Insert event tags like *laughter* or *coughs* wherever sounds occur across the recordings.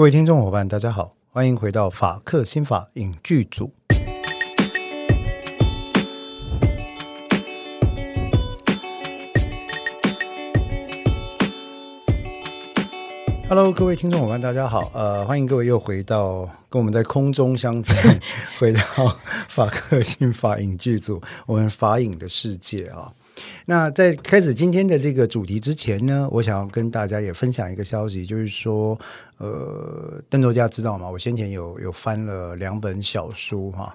各位聽眾夥伴，大家好，歡迎回到法克新法影劇組。Hello，各位聽眾夥伴，大家好，呃，歡迎各位又回到跟我們在空中相見， *laughs* 回到法克新法影劇組，我們法影的世界啊。那在開始今天的這個主題之前呢，我想要跟大家也分享一個消息，就是說，呃，鄧作家知道嗎？我先前有有翻了兩本小書哈。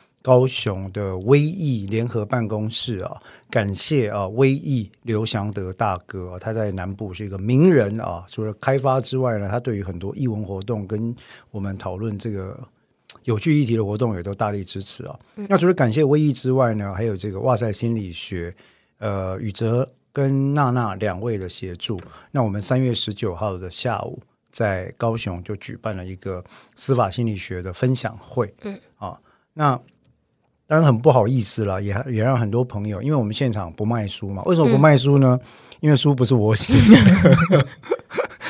高雄的威毅聯合辦公室啊，感謝啊威毅劉祥德大哥啊，他在南部是一個名人啊，除了開發之外呢，他對於很多藝文活動跟我們討論這個有趣議題的活動也都大力支持啊。嗯，那除了感謝威毅之外呢，還有這個哇塞心理學呃宇哲跟娜娜兩位的協助，那我們三月十九號的下午在高雄就舉辦了一個司法心理學的分享會，嗯啊那。當然很不好意思了，也也讓很多朋友，因為我們現場不賣書嘛。為什麼不賣書呢？嗯、因為書不是我寫的。 *laughs*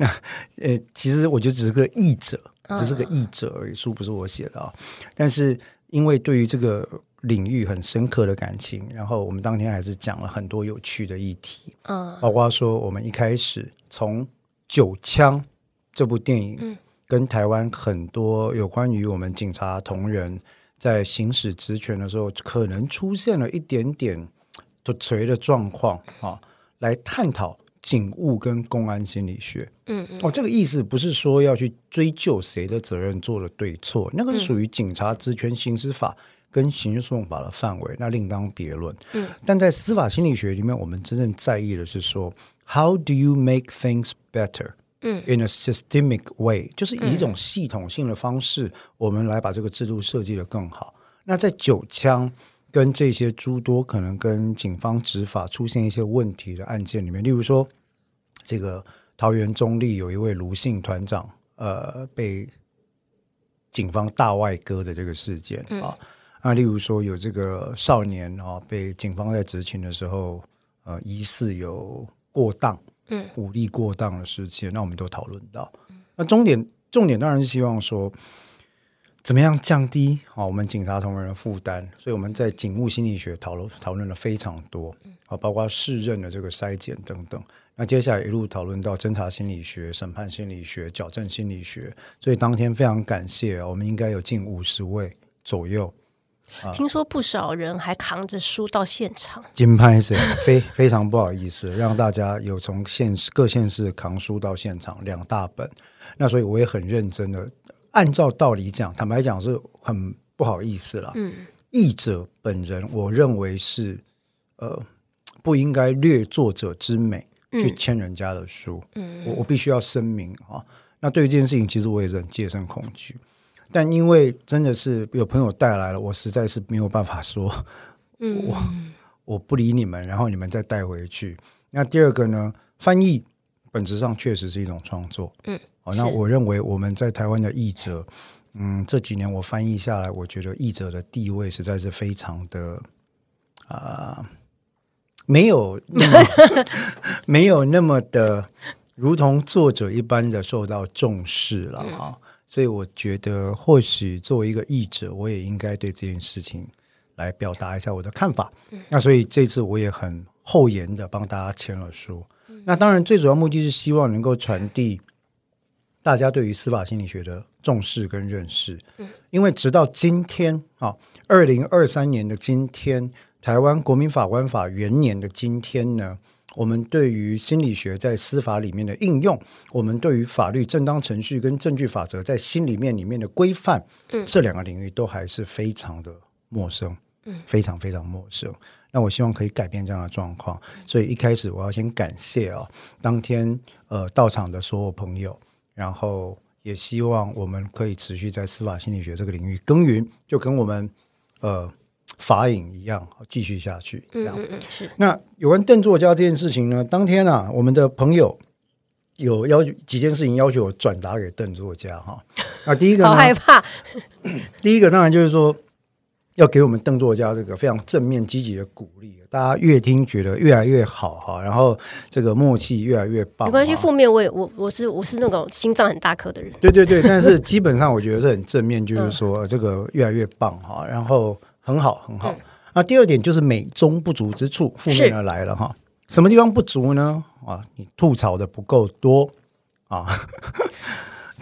*laughs* 呃，其實我就只是個譯者，只是個譯者而已、嗯。書不是我寫的啊、哦。但是因為對於這個領域很深刻的感情，然後我們當天還是講了很多有趣的議題，嗯，包括說我們一開始從《九槍》這部電影，跟台灣很多有關於我們警察同仁。在行使職權的時候，可能出現了一點點瀆職的狀況啊。來探討警務跟公安心理學，嗯嗯，哦，這個意思不是說要去追究誰的責任，做的對錯，那個是屬於警察職權行使法跟刑事訴訟法的範圍，那另當別論。嗯。但在司法心理學裡面，我們真正在意的是說，How do you make things better？嗯，in a systemic way，、嗯、就是以一種系統性的方式，嗯、我們來把這個制度設計得更好。那在九槍跟這些諸多可能跟警方執法出現一些問題的案件裡面，例如說，這個桃園中壢有一位盧姓團長，呃，被警方大外割的這個事件啊，那、嗯啊、例如說有這個少年啊，被警方在執勤的時候，呃，疑似有過當。嗯，武力過當的事件，那我們都討論到。那重點，重點當然是希望說，怎麼樣降低好我們警察同仁的負擔。所以我們在警務心理學討論討論了非常多，好，包括適任的這個篩檢等等。那接下來一路討論到偵查心理學、審判心理學、矯正心理學。所以當天非常感謝，我們應該有近五十位左右。聽說不少人還扛着書到現場、啊，金潘是非非常不好意思， *laughs* 讓大家有從縣各縣市扛書到現場兩大本，那所以我也很認真的，按照道理講，坦白講是很不好意思了。嗯，譯者本人我認為是呃不應該掠作者之美去簽人家的書，嗯嗯、我我必須要聲明啊，那對於這件事情，其實我也是很戒慎恐懼。但因為真的是有朋友帶來了，我實在是沒有辦法說，嗯、我我不理你們，然後你們再帶回去。那第二個呢？翻譯本質上確實是一種創作，嗯，好、哦，那我認為我們在台灣的譯者，嗯，這幾年我翻譯下來，我覺得譯者的地位實在是非常的啊、呃，沒有、嗯、 *laughs* 沒有那麼的如同作者一般的受到重視了哈。嗯所以我覺得，或許作為一個譯者，我也應該對這件事情來表達一下我的看法。那所以這次我也很厚顏的幫大家簽了書。那當然，最主要目的是希望能夠傳遞大家對於司法心理學的重視跟認識。因為直到今天啊，二零二三年的今天，台灣國民法官法元年的今天呢。我們對於心理學在司法裡面的應用，我們對於法律正當程序跟證據法則在心裡面裡面的規範、嗯，這兩個領域都還是非常的陌生，嗯，非常非常陌生。那我希望可以改變這樣的狀況。所以一開始我要先感謝啊、哦，當天呃到場的所有朋友，然後也希望我們可以持續在司法心理學這個領域耕耘，就跟我們呃。法影一樣繼續下去，這樣嗯嗯。是，那有關鄧作家這件事情呢？當天啊，我們的朋友有要幾件事情要求我轉達給鄧作家哈。那第一個，好害怕 *coughs* 。第一個當然就是說，要給我們鄧作家這個非常正面積極的鼓勵，大家越聽覺得越來越好哈。然後這個默契越來越棒，沒關係。負面，我也我我是我是那種心臟很大顆的人， *laughs* 對對對。但是基本上我覺得是很正面，嗯、就是說這個越來越棒哈。然後。很好，很好。那、啊、第二點就是美中不足之處，負面的來了哈。什麼地方不足呢？啊，你吐槽的不夠多啊。 *laughs*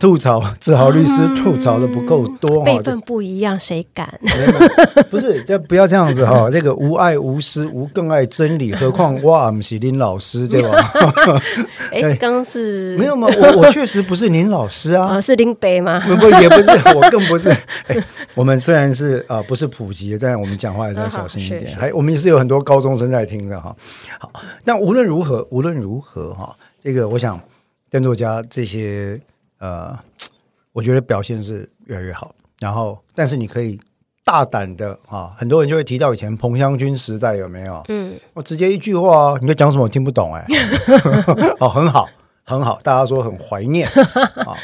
吐槽自豪律師、嗯、吐槽的不夠多，輩分不一樣誰敢？ *laughs* 不是，這不要這樣子哈。這個吾愛吾師，吾更愛真理，何況哇，不是林老師對吧？哎、 *laughs* 欸，剛 *laughs* 是沒有嗎？我我確實不是林老師啊，啊是林北嗎？ *laughs* 不，不，也不是，我更不是。哎、欸， *laughs* 我們雖然是啊、呃，不是普及，但我們講話也要小心一點。是是還我們也是有很多高中生在聽的哈。好，那無論如何，無論如何哈，這個我想，創作家這些。呃，我覺得表現是越來越好。然後，但是你可以大膽的啊，很多人就會提到以前彭湘君時代有沒有？嗯，我直接一句話，你在講什麼？我聽不懂哎。 *laughs* *laughs* 哦，很好，很好，大家說很懷念、 *laughs* 哦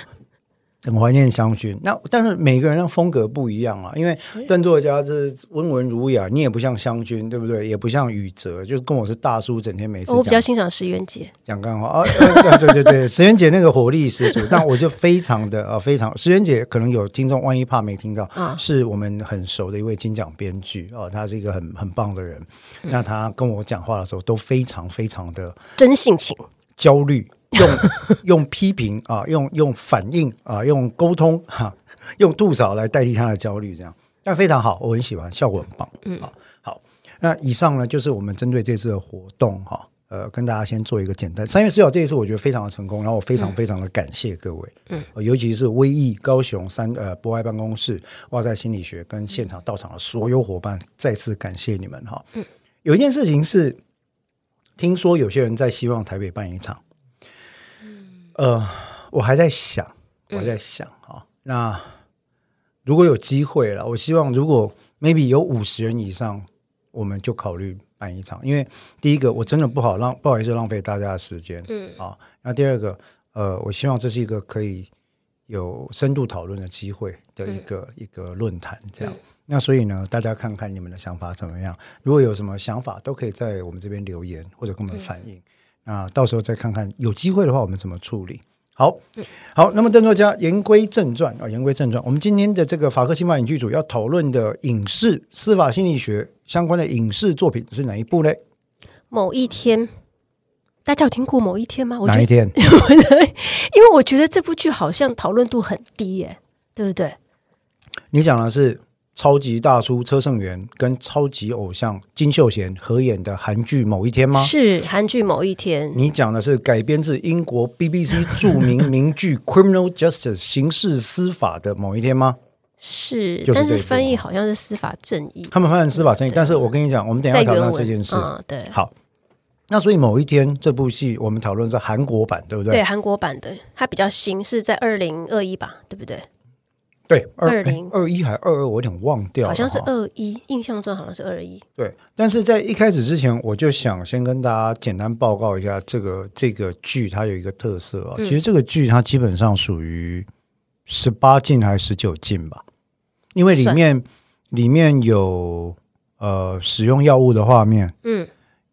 很懷念湘君，那但是每個人的風格不一樣啊，因為鄧作家是溫文儒雅，你也不像湘君，對不對？也不像雨澤，就跟我是大叔，整天沒事。我比較欣賞石原姐講幹話啊，啊，對對對， *laughs* 石原姐那個活力十足，但我就非常的啊，非常石原姐可能有聽眾萬一怕沒聽到、啊，是我們很熟的一位金獎編劇啊，他是一個很很棒的人，嗯、那他跟我講話的時候都非常非常的真性情，焦慮。 *laughs* 用用批評啊，用用反應啊，用溝通哈、啊，用吐槽來代替他的焦慮，這樣那非常好，我很喜歡，效果很棒。嗯，啊、好，那以上呢就是我們針對這次的活動哈、啊，呃，跟大家先做一個簡單。三月四號這一次我覺得非常的成功，然後我非常非常的感謝各位，嗯，呃、尤其是威易、高雄三呃博愛辦公室哇塞心理學跟現場到場的所有伙伴，再次感謝你們哈、啊。嗯，有一件事情是，聽說有些人在希望台北辦一場。呃，我還在想，我還在想啊、嗯哦。那如果有機會了，我希望如果 maybe 有五十人以上，我們就考慮辦一場。因為第一個，我真的不好浪，不好意思浪費大家的時間。嗯啊、哦。那第二個，呃，我希望這是一個可以有深度討論的機會的一個、嗯、一個論壇。這樣、嗯。那所以呢，大家看看你們的想法怎麼樣？如果有什麼想法，都可以在我們這邊留言或者跟我們反映。嗯啊，到時候再看看，有機會的話，我們怎麼處理。好，好，那麼鄧作家，言歸正傳啊，哦，言歸正傳，我們今天的這個法科新瑪影劇組要討論的影視司法心理學相關的影視作品是哪一部呢？某一天，大家有聽過某一天嗎？我哪一天？ *laughs* 因為我覺得這部劇好像討論度很低，耶，對不對？你講的是？超級大叔車勝元跟超級偶像金秀賢合演的韓劇《某一天》嗎？是韓劇《某一天》。你講的是改編自英國 BBC 著名名劇《Criminal Justice 刑事司法》的《某一天》嗎？ *laughs* 是、就是，但是翻譯好像是司法正義。他們翻譯司法正義、嗯，但是我跟你講，我們等一下要討論這件事、嗯。對，好。那所以《某一天》這部戲，我們討論是韓國版，對不對？對，韓國版的它比較新，是在二零二一吧，對不對？對，二零二一還二二，我有點忘掉，好像是二一，印象中好像是二一。對，但是在一開始之前，我就想先跟大家簡單報告一下這個這個劇，它有一個特色啊、哦嗯。其實這個劇它基本上屬於十八禁還是十九禁吧，因為裡面裡面有呃使用藥物的畫面，嗯，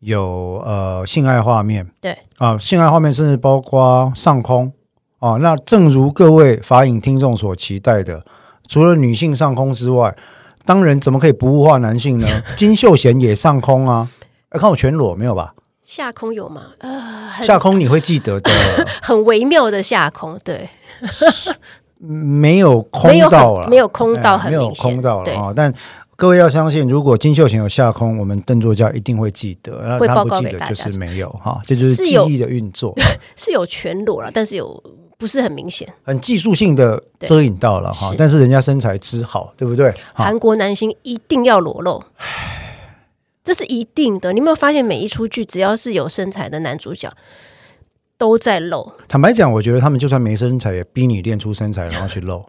有呃性愛畫面，對，啊，性愛畫面甚至包括上空。啊、哦，那正如各位法影聽眾所期待的，除了女性上空之外，當然怎麼可以不物化男性呢？金秀賢也上空啊，呃、看我全裸沒有吧？下空有嗎？呃、下空你會記得的、呃，很微妙的下空，對，沒有空到了，沒有空到很，沒有空到了啊！但各位要相信，如果金秀賢有下空，我們鄧作家一定會記得，他不記得就是沒有哈，這就是記憶的運作，是有全裸了，但是有。不是很明顯，很技術性的遮掩到了哈，但是人家身材之好，對不對？韓國男星一定要裸露，這是一定的。你有沒有發現每一齣劇只要是有身材的男主角都在露？坦白講，我覺得他們就算沒身材，也逼你練出身材，然後去露。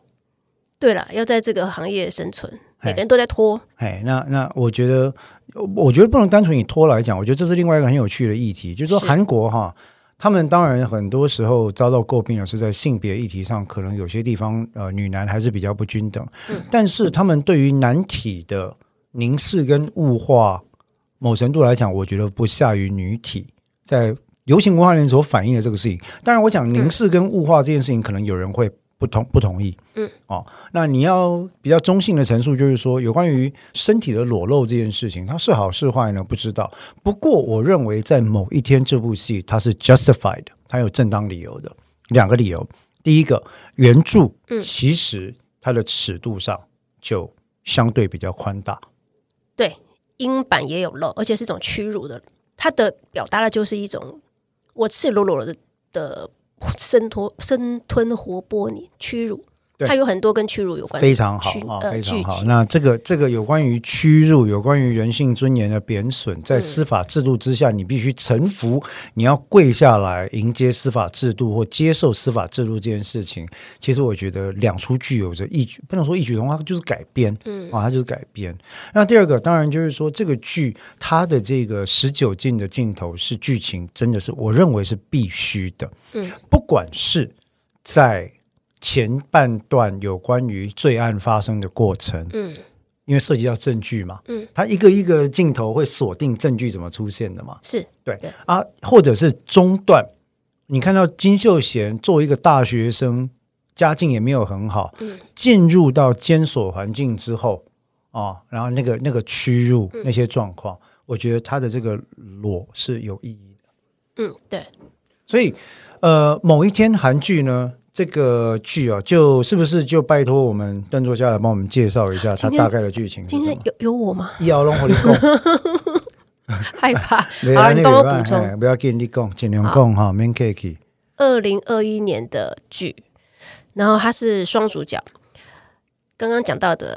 對了，要在這個行業生存，每個人都在拖。哎，那那我覺得，我覺得不能單純以拖來講，我覺得這是另外一個很有趣的議題，就是說韓國哈。他們當然很多時候遭到詬病的是在性別議題上，可能有些地方呃女男還是比較不均等，嗯。但是他們對於男體的凝視跟物化，某程度來講，我覺得不下於女體在流行文化裡所反映的這個事情。當然，我講凝視跟物化這件事情，可能有人會。不同不同意，嗯，哦，那你要比較中性的陳述，就是說，有關於身體的裸露這件事情，它是好是壞呢？不知道。不過，我認為在某一天，這部戲它是 justified，它有正當理由的。兩個理由，第一個，原著，其實它的尺度上就相對比較寬大。嗯，對，英版也有露，而且是一種屈辱的，它的表達的就是一種我赤裸裸的的。生吞生吞活剝你，屈辱。它有很多跟屈辱有關係，非常好啊，非常好。呃常好嗯、那這個這個有關於屈辱，有關於人性尊嚴的貶損，在司法制度之下，你必須臣服、嗯，你要跪下來迎接司法制度或接受司法制度這件事情。其實我覺得兩齣劇有着異曲，不能說異曲同工，它就是改編，嗯啊，它就是改編、嗯。那第二個當然就是說，這個劇它的這個十九禁的鏡頭是劇情，真的是我認為是必須的。對、嗯，不管是在。前半段有關於罪案發生的過程，嗯，因為涉及到證據嘛，嗯，他一個一個鏡頭會鎖定證據怎麼出現的嘛，是對，對啊，或者是中段，你看到金秀賢作為一個大學生，家境也沒有很好，嗯，進入到監所環境之後啊，然後那個那個屈辱，嗯，那些狀況，我覺得他的這個裸是有意義的，嗯，對，所以呃，某一天韓劇呢。這個劇啊，就是不是就拜託我們鄧作家來幫我們介紹一下它大概的劇情。今？今天有有我嗎？一搖龍火裡貢，害怕。哎、好，你幫我補充。不要緊，你講，盡量講哈，免客氣。二零二一年的劇，然後它是雙主角。剛剛講到的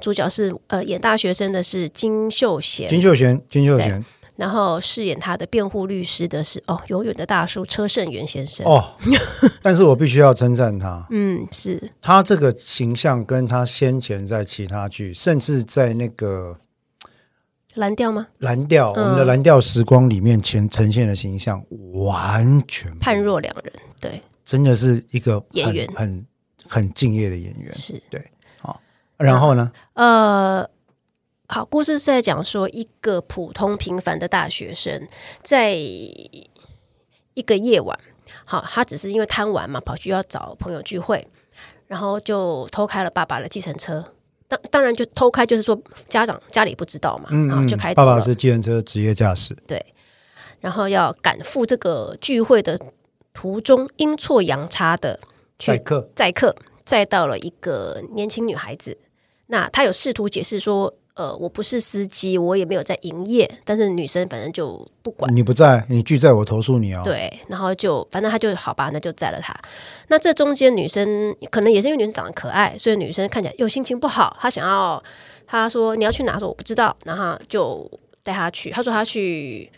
主角是呃，演大學生的是金秀賢。金秀賢，金秀賢。然後飾演他的辯護律師的是哦，永遠的大叔車勝元先生哦， *laughs* 但是我必須要稱讚他，嗯，是他這個形象跟他先前在其他劇，甚至在那個藍調嗎？藍調、嗯，我們的藍調時光裡面呈呈現的形象完全判若兩人，對，真的是一個演員很很敬業的演員，是對，好，然後呢？嗯、呃。好，故事是在講說一個普通平凡的大學生，在一個夜晚，好，他只是因為貪玩嘛，跑去要找朋友聚會，然後就偷開了爸爸的計程車，當當然就偷開，就是說家長家裡不知道嘛，嗯嗯然後就開走了，爸爸是計程車職業駕駛，對，然後要趕赴這個聚會的途中，陰錯陽差的去載客，載客載到了一個年輕女孩子，那他有試圖解釋說，呃，我不是司機，我也沒有在營業。但是女生反正就不管。你不在，你拒載，我投訴你啊、哦！對，然後就反正他就好吧，那就載了他。那這中間女生可能也是因為女生長得可愛，所以女生看起來又心情不好。她想要，她說你要去哪兒？說我不知道。然後就帶她去。她說她去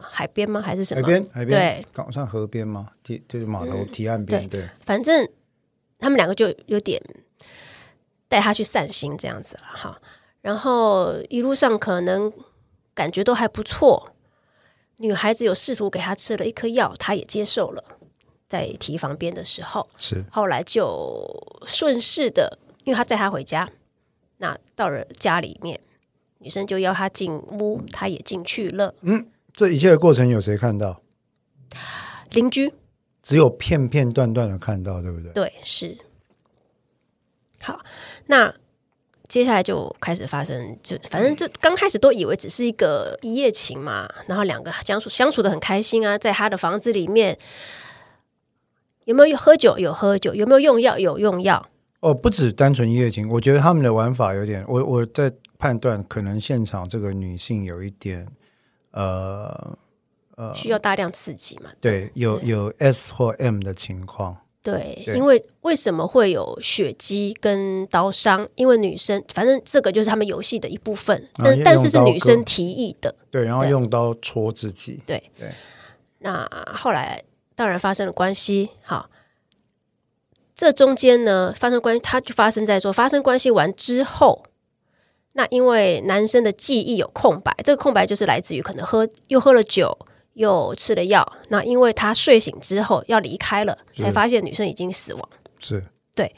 海邊嗎？還是什麼？海邊，海邊。對，港上河邊嗎？堤就是碼頭堤、嗯、岸邊。對，對，反正他們兩個就有點帶她去散心這樣子了，哈。然後一路上可能感覺都還不錯，女孩子，有試圖給他吃了一顆藥，他也接受了。在提防邊的時候是，後來就順勢的，因為他載他回家，那到了家裡面，女生就邀他進屋，他也進去了。嗯，這一切的過程有誰看到？鄰居只有片片段段的看到，對不對？對，是。好，那。接下來就開始發生，就反正就剛開始都以為只是一個一夜情嘛，然後兩個相處相處的很開心啊，在他的房子裡面有沒有，有喝酒？有喝酒，有沒有用藥？有用藥。哦，不止單純一夜情，我覺得他們的玩法有點，我我在判斷可能現場這個女性有一點呃呃需要大量刺激嘛，對，有有 S 或 M 的情況。對，因為為什麼會有血跡跟刀傷？因為女生，反正這個就是他們遊戲的一部分。但是但是是女生提議的，對，然後用刀戳自己，對，對，對，對。那後來當然發生了關係，好。這中間呢，發生關係，它就發生在說發生關係完之後。那因為男生的記憶有空白，這個空白就是來自於可能喝又喝了酒。又吃了藥，那因為他睡醒之後要離開了，才發現女生已經死亡。是，對，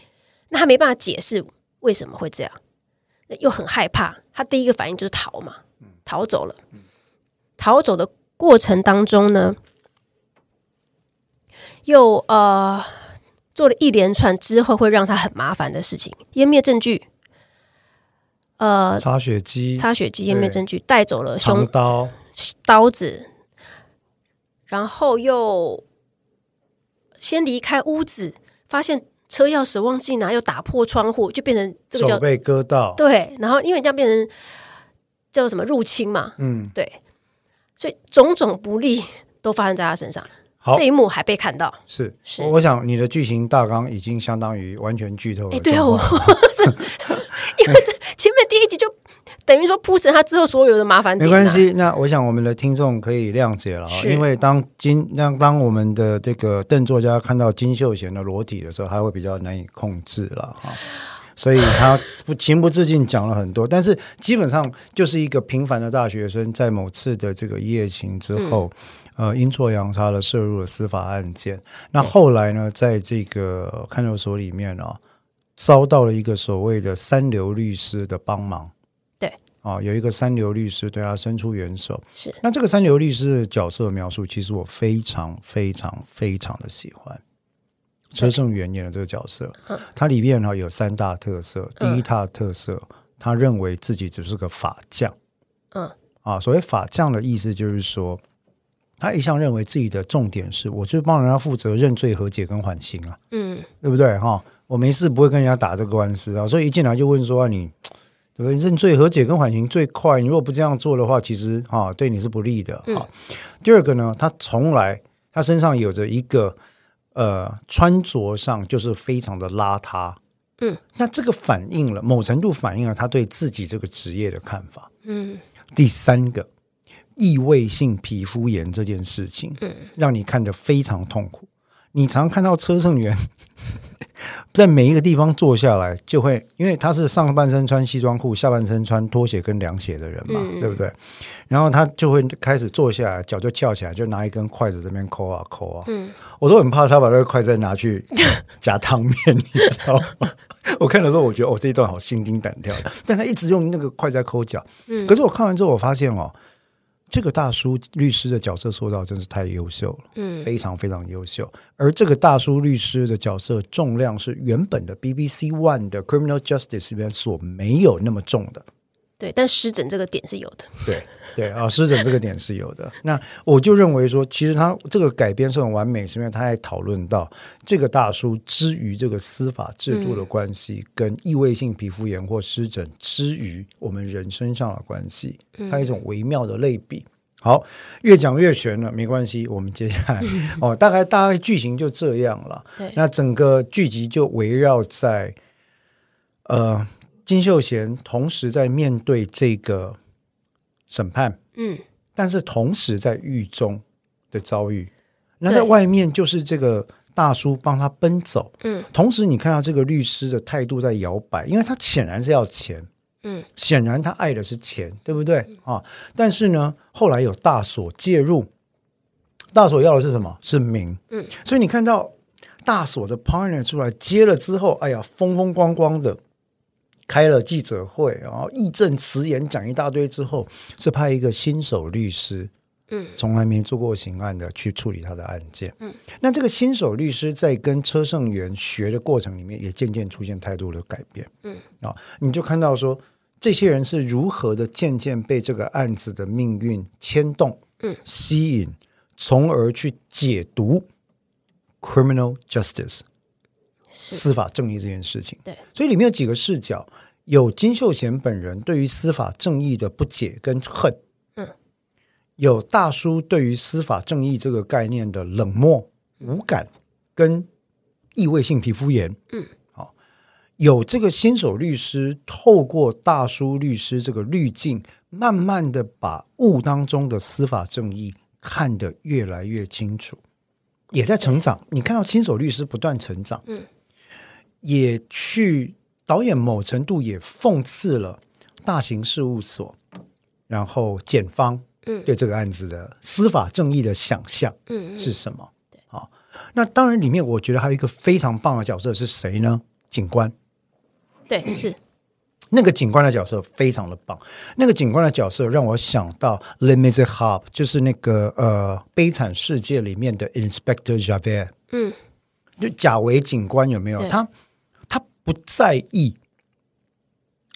那他沒辦法解釋為什麼會這樣，那又很害怕，他第一個反應就是逃嘛，逃走了。逃走的過程當中呢，又呃做了一連串之後會讓他很麻煩的事情，湮滅證據，呃，擦血跡，擦血跡，湮滅證據，帶走了兇刀刀子。然後又先離開屋子，發現車鑰匙忘記拿，又打破窗戶，就變成這個叫手被割到。對，然後因為這樣變成叫什麼入侵嘛？嗯，對。所以種種不利都發生在他身上。好，這一幕還被看到。是是，我想你的劇情大綱已經相當於完全劇透了。哎，對啊，哦，我 *laughs* 因為這前面第一集就。等於說鋪成他之後所有的麻煩，沒關係。那我想我們的聽眾可以諒解了，哦，因為當金那當我們的這個鄧作家看到金秀賢的裸體的時候，他會比較難以控制了哈，哦，所以他不情不自禁講了很多。 *laughs* 但是基本上就是一個平凡的大學生，在某次的這個一夜情之後，嗯、呃，陰錯陽差的涉入了司法案件，嗯。那後來呢，在這個看守所裡面呢，哦，遭到了一個所謂的三流律師的幫忙。啊、哦，有一個三流律師對他伸出援手。是，那這個三流律師的角色描述，其實我非常非常非常的喜歡。車勝元演的這個角色，嗯，它裡面呢有三大特色。嗯、第一，大的特色，他認為自己只是個法匠。嗯，啊，所謂法匠的意思就是說，他一向認為自己的重點是，我就幫人家負責認罪和解跟緩刑啊。嗯，對不對哈、哦？我沒事不會跟人家打這個官司啊，所以一進來就問說、啊、你。認罪和解跟緩刑最快，你如果不這樣做的話，其實啊，哦，對你是不利的啊，哦。嗯。第二個呢，他從來他身上有着一個呃穿着，上就是非常的邋遢，嗯，那這個反映了某程度反映了他對自己這個職業的看法，嗯。第三個，異位性皮膚炎這件事情，嗯，讓你看得非常痛苦。你常看到車勝元在每一個地方坐下來，就會因為他是上半身穿西裝褲，下半身穿拖鞋跟涼鞋的人嘛，嗯、對不對？然後他就會開始坐下來，腳就翹起來，就拿一根筷子這邊摳啊摳啊。嗯、我都很怕他把那個筷子再拿去、嗯、夾湯麵，你知道嗎？ *laughs* 我看的時候，我覺得我、哦、這一段好心驚膽跳的，但他一直用那個筷子在摳腳。嗯、可是我看完之後，我發現哦。這個大叔律師的角色塑造真是太優秀了，嗯，非常非常優秀。而這個大叔律師的角色重量是原本的 BBC One 的 Criminal Justice 裡邊所沒有那麼重的，對。但失準這個點是有的，對。對啊，哦、濕疹這個點是有的。那我就認為說，其實他這個改編是很完美，是因為他還討論到這個大叔之於這個司法制度的關係，嗯、跟異位性皮膚炎或濕疹之於我們人身上的關係，嗯、它有一種微妙的類比。好，越講越玄了，沒關係，我們接下來、嗯、哦，大概大概劇情就這樣了。那整個劇集就圍繞在呃金秀賢同時在面對這個。審判，嗯，但是同時在獄中的遭遇，那、嗯、在外面就是這個大叔幫他奔走，嗯，同時你看到這個律師的態度在搖擺，因為他顯然是要錢，嗯，顯然他愛的是錢，對不對、嗯、啊？但是呢，後來有大所介入，大所要的是什麼？是名，嗯，所以你看到大所的 partner 出來接了之後，哎呀，風風光光的。開了記者會，然後義正詞嚴講一大堆之後，是派一個新手律師，嗯，從來沒做過刑案的去處理他的案件，嗯，那這個新手律師在跟車勝元學的過程裡面，也漸漸出現太多的改變，嗯，啊，你就看到說這些人是如何的漸漸被這個案子的命運牽動，嗯，吸引，從而去解讀 Criminal Justice。司法正義這件事情，對，所以裡面有幾個視角：有金秀賢本人對於司法正義的不解跟恨，嗯；有大叔對於司法正義這個概念的冷漠、無感跟異位性皮膚炎，嗯。好、哦，有這個新手律師透過大叔律師這個濾鏡，慢慢的把霧當中的司法正義看得越來越清楚，也在成長。嗯、你看到新手律師不斷成長，嗯。也去導演某程度也諷刺了大型事務所，然後檢方嗯，對這個案子的司法正義的想象，嗯是什麼？嗯嗯嗯、對、哦、那當然裡面我覺得還有一個非常棒的角色是誰呢？警官，對，是、嗯、那個警官的角色非常的棒。那個警官的角色讓我想到《Les Misérables》，就是那個呃《悲慘世界》裡面的 Inspector Javert，嗯，就賈維警官有沒有他？不在意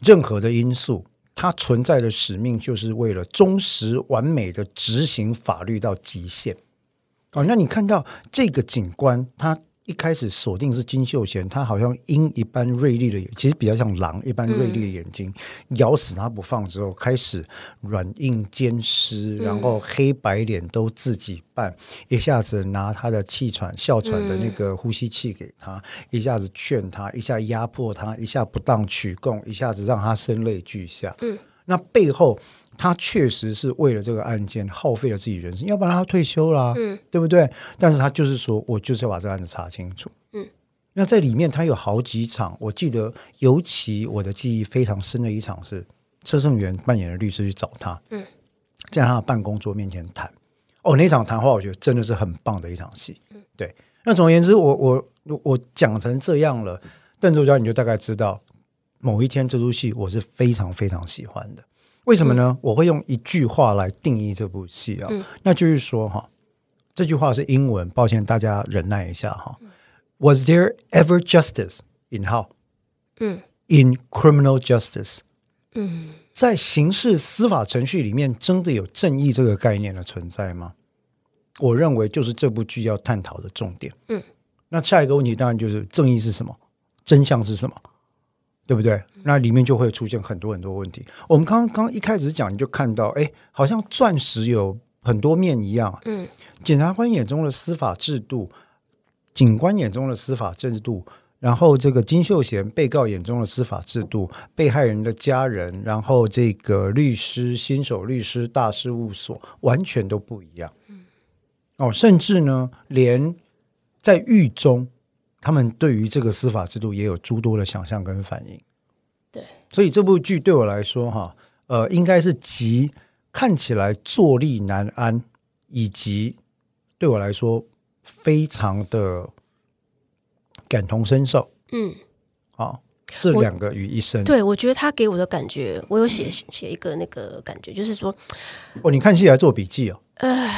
任何的因素，它存在的使命就是為了忠實完美地執行法律到極限。好，那你看到這個警官他，一開始鎖定是金秀賢，他好像鷹一般銳利的眼，其實比較像狼一般銳利的眼睛，嗯、咬死他不放之後，開始軟硬兼施，然後黑白臉都自己扮，嗯，一下子拿他的氣喘、哮喘的那個呼吸器給他，嗯，一下子勸他，一下壓迫他，一下不當取供，一下子讓他聲淚俱下。嗯那背後，他確實是為了這個案件耗費了自己人生，要不然他退休了、啊嗯，對不對？但是他就是說，我就是要把這個案子查清楚，嗯、那在裡面，他有好幾場，我記得，尤其我的記憶非常深的一場是車勝元扮演的律師去找他，嗯、在他的辦公桌面前談。哦，那場談話，我覺得真的是很棒的一場戲，對。那總而言之，我我我講成這樣了，鄧周家你就大概知道。某一天，這出戲我是非常非常喜歡的。為什麼呢？嗯、我會用一句話來定義這部戲啊、嗯，那就是說哈，這句話是英文，抱歉，大家忍耐一下哈。嗯、Was there ever justice 引號、嗯、in criminal justice、嗯、在刑事司法程序裡面，真的有正義這個概念的存在嗎？我認為就是這部劇要探討的重點。嗯、那下一個問題當然就是正義是什麼，真相是什麼。對不對？那裡面就會出現很多很多問題。嗯、我們剛剛一開始講，你就看到，哎，好像鑽石有很多面一樣、啊。嗯，檢察官眼中的司法制度，警官，眼中的司法制度，然後這個金秀賢被告眼中的司法制度，被害人的家人，然後這個律師、新手律師、大事務所，完全都不一樣。嗯。哦，甚至呢，連在獄中。他們對於這個司法制度也有諸多的想象跟反應，對，所以這部劇對我來說哈，呃，應該是集看起來坐立難安，以及對我來說非常的感同身受，嗯，好、啊，這兩個於一身。對，我覺得他給我的感覺，我有寫寫一個那個感覺，就是說，哦，你看戲還做筆記哦。呃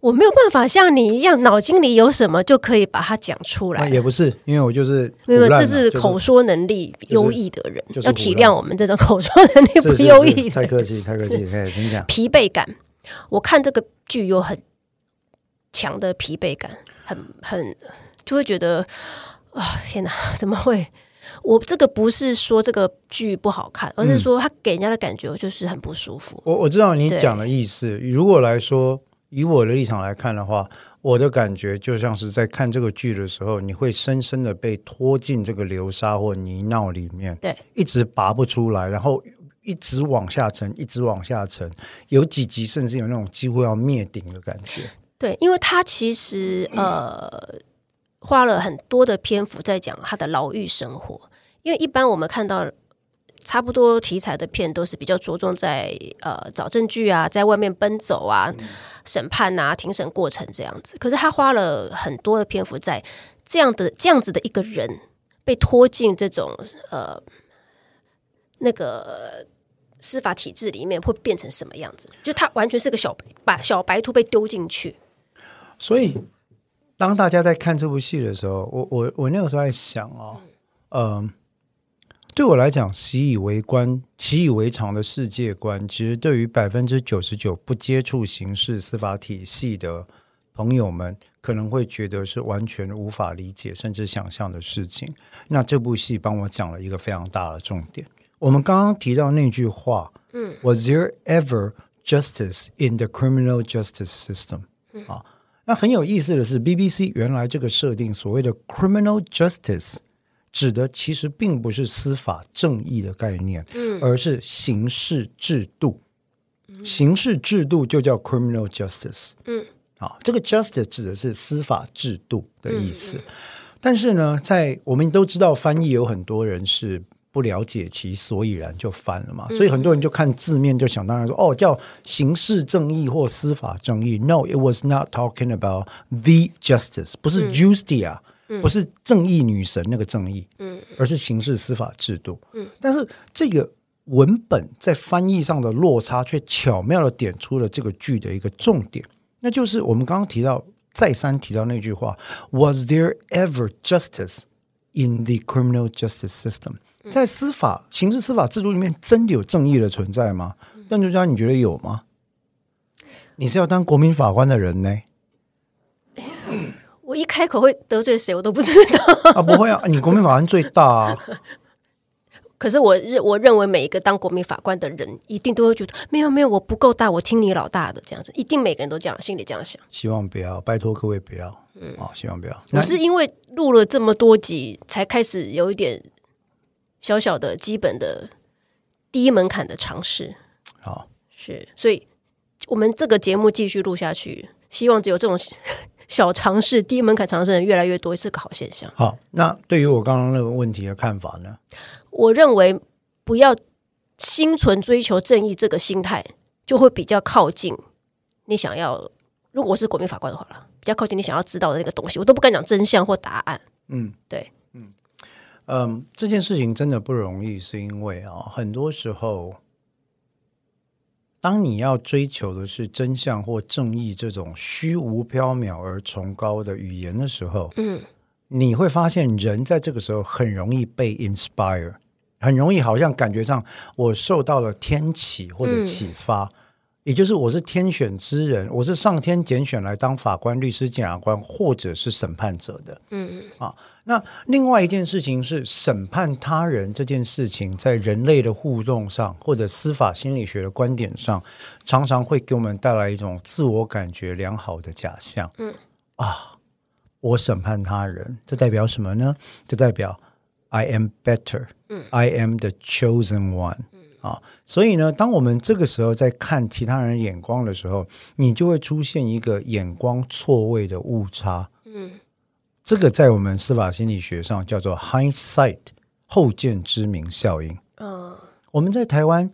我沒有辦法像你一樣，腦筋裡有什麼就可以把它講出來、啊。也不是，因為我就是沒有，這是口說能力優異的人、就是就是就是，要體諒我們這種口說能力不優異的是是是。太客氣，太客氣，可以，你講。疲憊感，我看這個劇有很強的疲憊感，很很就會覺得啊、哦，天哪，怎麼會？我這個不是說這個劇不好看，而是說它給人家的感覺就是很不舒服。嗯、我我知道你講的意思，如果來說。以我的立場來看的話，我的感覺就像是在看這個劇的時候，你會深深的被拖進這個流沙或泥淖裡面，對，一直拔不出來，然後一直往下沉，一直往下沉，有幾集甚至有那種幾乎要滅頂的感覺。對，因為他其實呃花了很多的篇幅在講他的牢獄生活，因為一般我們看到，差不多題材的片都是比較着重在呃找證據啊，在外面奔走啊、嗯、審判啊，庭審過程這樣子。可是他花了很多的篇幅在這樣的這樣子的一個人被拖進這種呃那個司法體制裡面會變成什麼樣子？就他完全是個小白，小白兔被丟進去。所以，當大家在看這部戲的時候，我我我那個時候在想哦，嗯。呃對我來講，習以為觀、習以為常的世界觀，其實對於百分之九十九不接觸刑事司法體系的朋友們，可能會覺得是完全無法理解甚至想象的事情。那這部戲幫我講了一個非常大的重點。我們剛剛提到那句話：“嗯，Was there ever justice in the criminal justice system？”、嗯、啊，那很有意思的是，BBC 原來這個設定所謂的 criminal justice。指的其實並不是司法正義的概念，而是刑事制度。刑事制度就叫 criminal justice，嗯，啊，這個 justice 指的是司法制度的意思。但是呢，在我們都知道翻譯有很多人是不了解其所以然就翻了嘛，所以很多人就看字面就想當然說，哦，叫刑事正義或司法正義。No，it was not talking about the justice，不是 justia，嗯。不是正義女神那個正義，嗯，而是刑事司法制度，嗯。但是這個文本在翻譯上的落差，卻巧妙地點出了這個劇的一個重點，那就是我們剛剛提到、再三提到那句話，嗯，：Was there ever justice in the criminal justice system？嗯，在司法、刑事司法制度裡面，真的有正義的存在嗎？鄧局長，主你覺得有嗎？你是要當國民法官的人呢？我一開口會得罪誰，我都不知道 *laughs* 啊！不會啊，你國民法官最大啊。 *laughs* 可是我認我認為每一個當國民法官的人，一定都會覺得沒有沒有，我不夠大，我聽你老大的這樣子，一定每個人都這樣心裡這樣想。希望不要，拜託各位不要，嗯啊，哦，希望不要。我是因為錄了這麼多集，才開始有一點小小的基本的第一門檻的嘗試。好，是，所以我們這個節目繼續錄下去，希望只有這種。 *laughs* 小嘗試、低門檻嘗試的人越來越多，是個好現象。好，那對於我剛剛那個問題的看法呢？我認為不要心存追求正義這個心態，就會比較靠近你想要。如果我是國民法官的話了，比較靠近你想要知道的那個東西，我都不敢講真相或答案。嗯，對，嗯，嗯，嗯，這件事情真的不容易，是因為啊、哦，很多時候。當你要追求的是真相或正義這種虛無縹緲而崇高的語言的時候，嗯，你會發現人在這個時候很容易被 inspire，很容易好像感覺上我受到了天啟或者啟發，嗯，也就是我是天選之人，我是上天揀選來當法官、律師、檢察官或者是審判者的，嗯，啊。那另外一件事情是審判他人這件事情，在人類的互動上或者司法心理學的觀點上，常常會給我們帶來一種自我感覺良好的假象。嗯啊，我審判他人，這代表什麼呢？這代表 I am better。I am the chosen one。啊，所以呢，當我們這個時候在看其他人眼光的時候，你就會出現一個眼光錯位的誤差。嗯。這個在我們司法心理學上叫做 hindsight 後見之明效應。嗯、uh,，我們在台灣，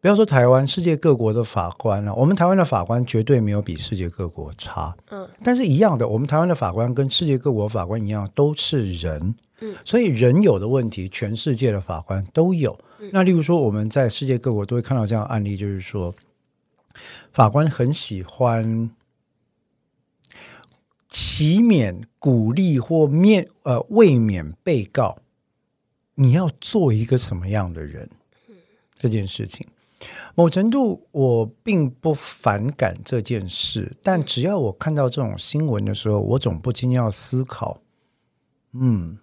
不要說台灣，世界各國的法官、啊、我們台灣的法官絕對沒有比世界各國差。嗯、uh,，但是一樣的，我們台灣的法官跟世界各國法官一樣，都是人。嗯、uh,，所以人有的問題，全世界的法官都有。Uh, 那例如說，我們在世界各國都會看到這樣的案例，就是說，法官很喜歡。期勉、鼓勵或勉，呃、勉勵被告，你要做一個什麼樣的人？這件事情，某程度我並不反感這件事，但只要我看到這種新聞的時候，我總不禁要思考，嗯，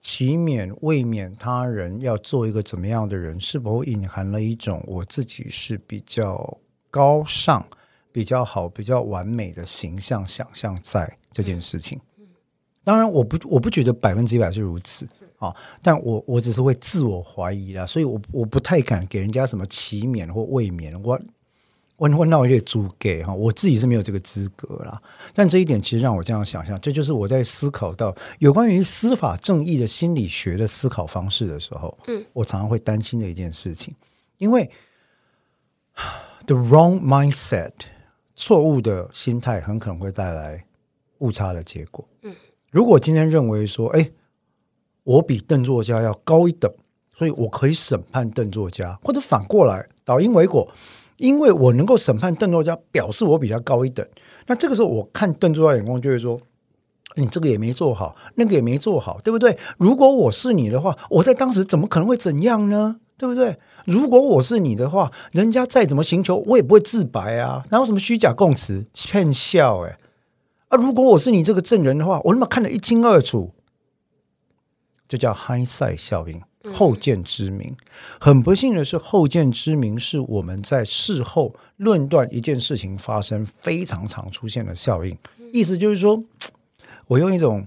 期勉勉勵他人要做一個怎麼樣的人？是否隱含了一種我自己是比較高尚？比較好，比較完美的形象想象在這件事情。當然，我不，我不覺得百分之百是如此啊。但我我只是會自我懷疑啦，所以我我不太敢給人家什麼期勉或慰勉。我我那我也主給哈、啊，我自己是沒有這個資格啦。但這一點其實讓我這樣想象，這就是我在思考到有關於司法正義的心理學的思考方式的時候，嗯，我常常會擔心的一件事情，因為 the wrong mindset。錯誤的心態很可能會帶來誤差的結果。嗯，如果今天認為說，哎，我比鄧作家要高一等，所以我可以審判鄧作家，或者反過來，倒因為果，因為我能夠審判鄧作家，表示我比他高一等。那這個時候，我看鄧作家眼光就會說，你這個也沒做好，那個也沒做好，對不對？如果我是你的話，我在當時怎麼可能會怎樣呢？對不對？如果我是你的話，人家再怎麼刑求，我也不會自白啊！哪有什麼虛假供詞騙笑哎，啊！如果我是你這個證人的話，我那麼看得一清二楚，這叫 hindsight 效應，後見之明、嗯。很不幸的是，後見之明是我們在事後論斷一件事情發生非常常出現的效應。意思就是說，我用一種。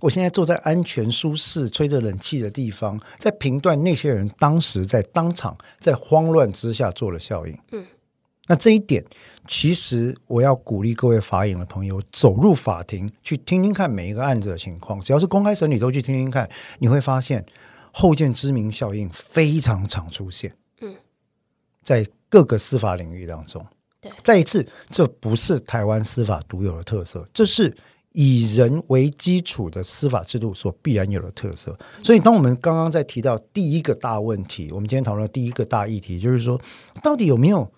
我現在坐在安全、舒適、吹着冷氣的地方，在評斷那些人當時在當場在慌亂之下做了效應。嗯，那這一點，其實我要鼓勵各位法眼的朋友走入法庭去聽聽看每一個案子的情況，只要是公開審理都去聽聽看，你會發現後見之明效應非常常出現。嗯，在各個司法領域當中，對，再一次，這不是台灣司法獨有的特色，這是。以人為基礎的司法制度所必然有的特色，所以當我們剛剛在提到第一個大問題，我們今天討論第一個大議題，就是說，到底有沒有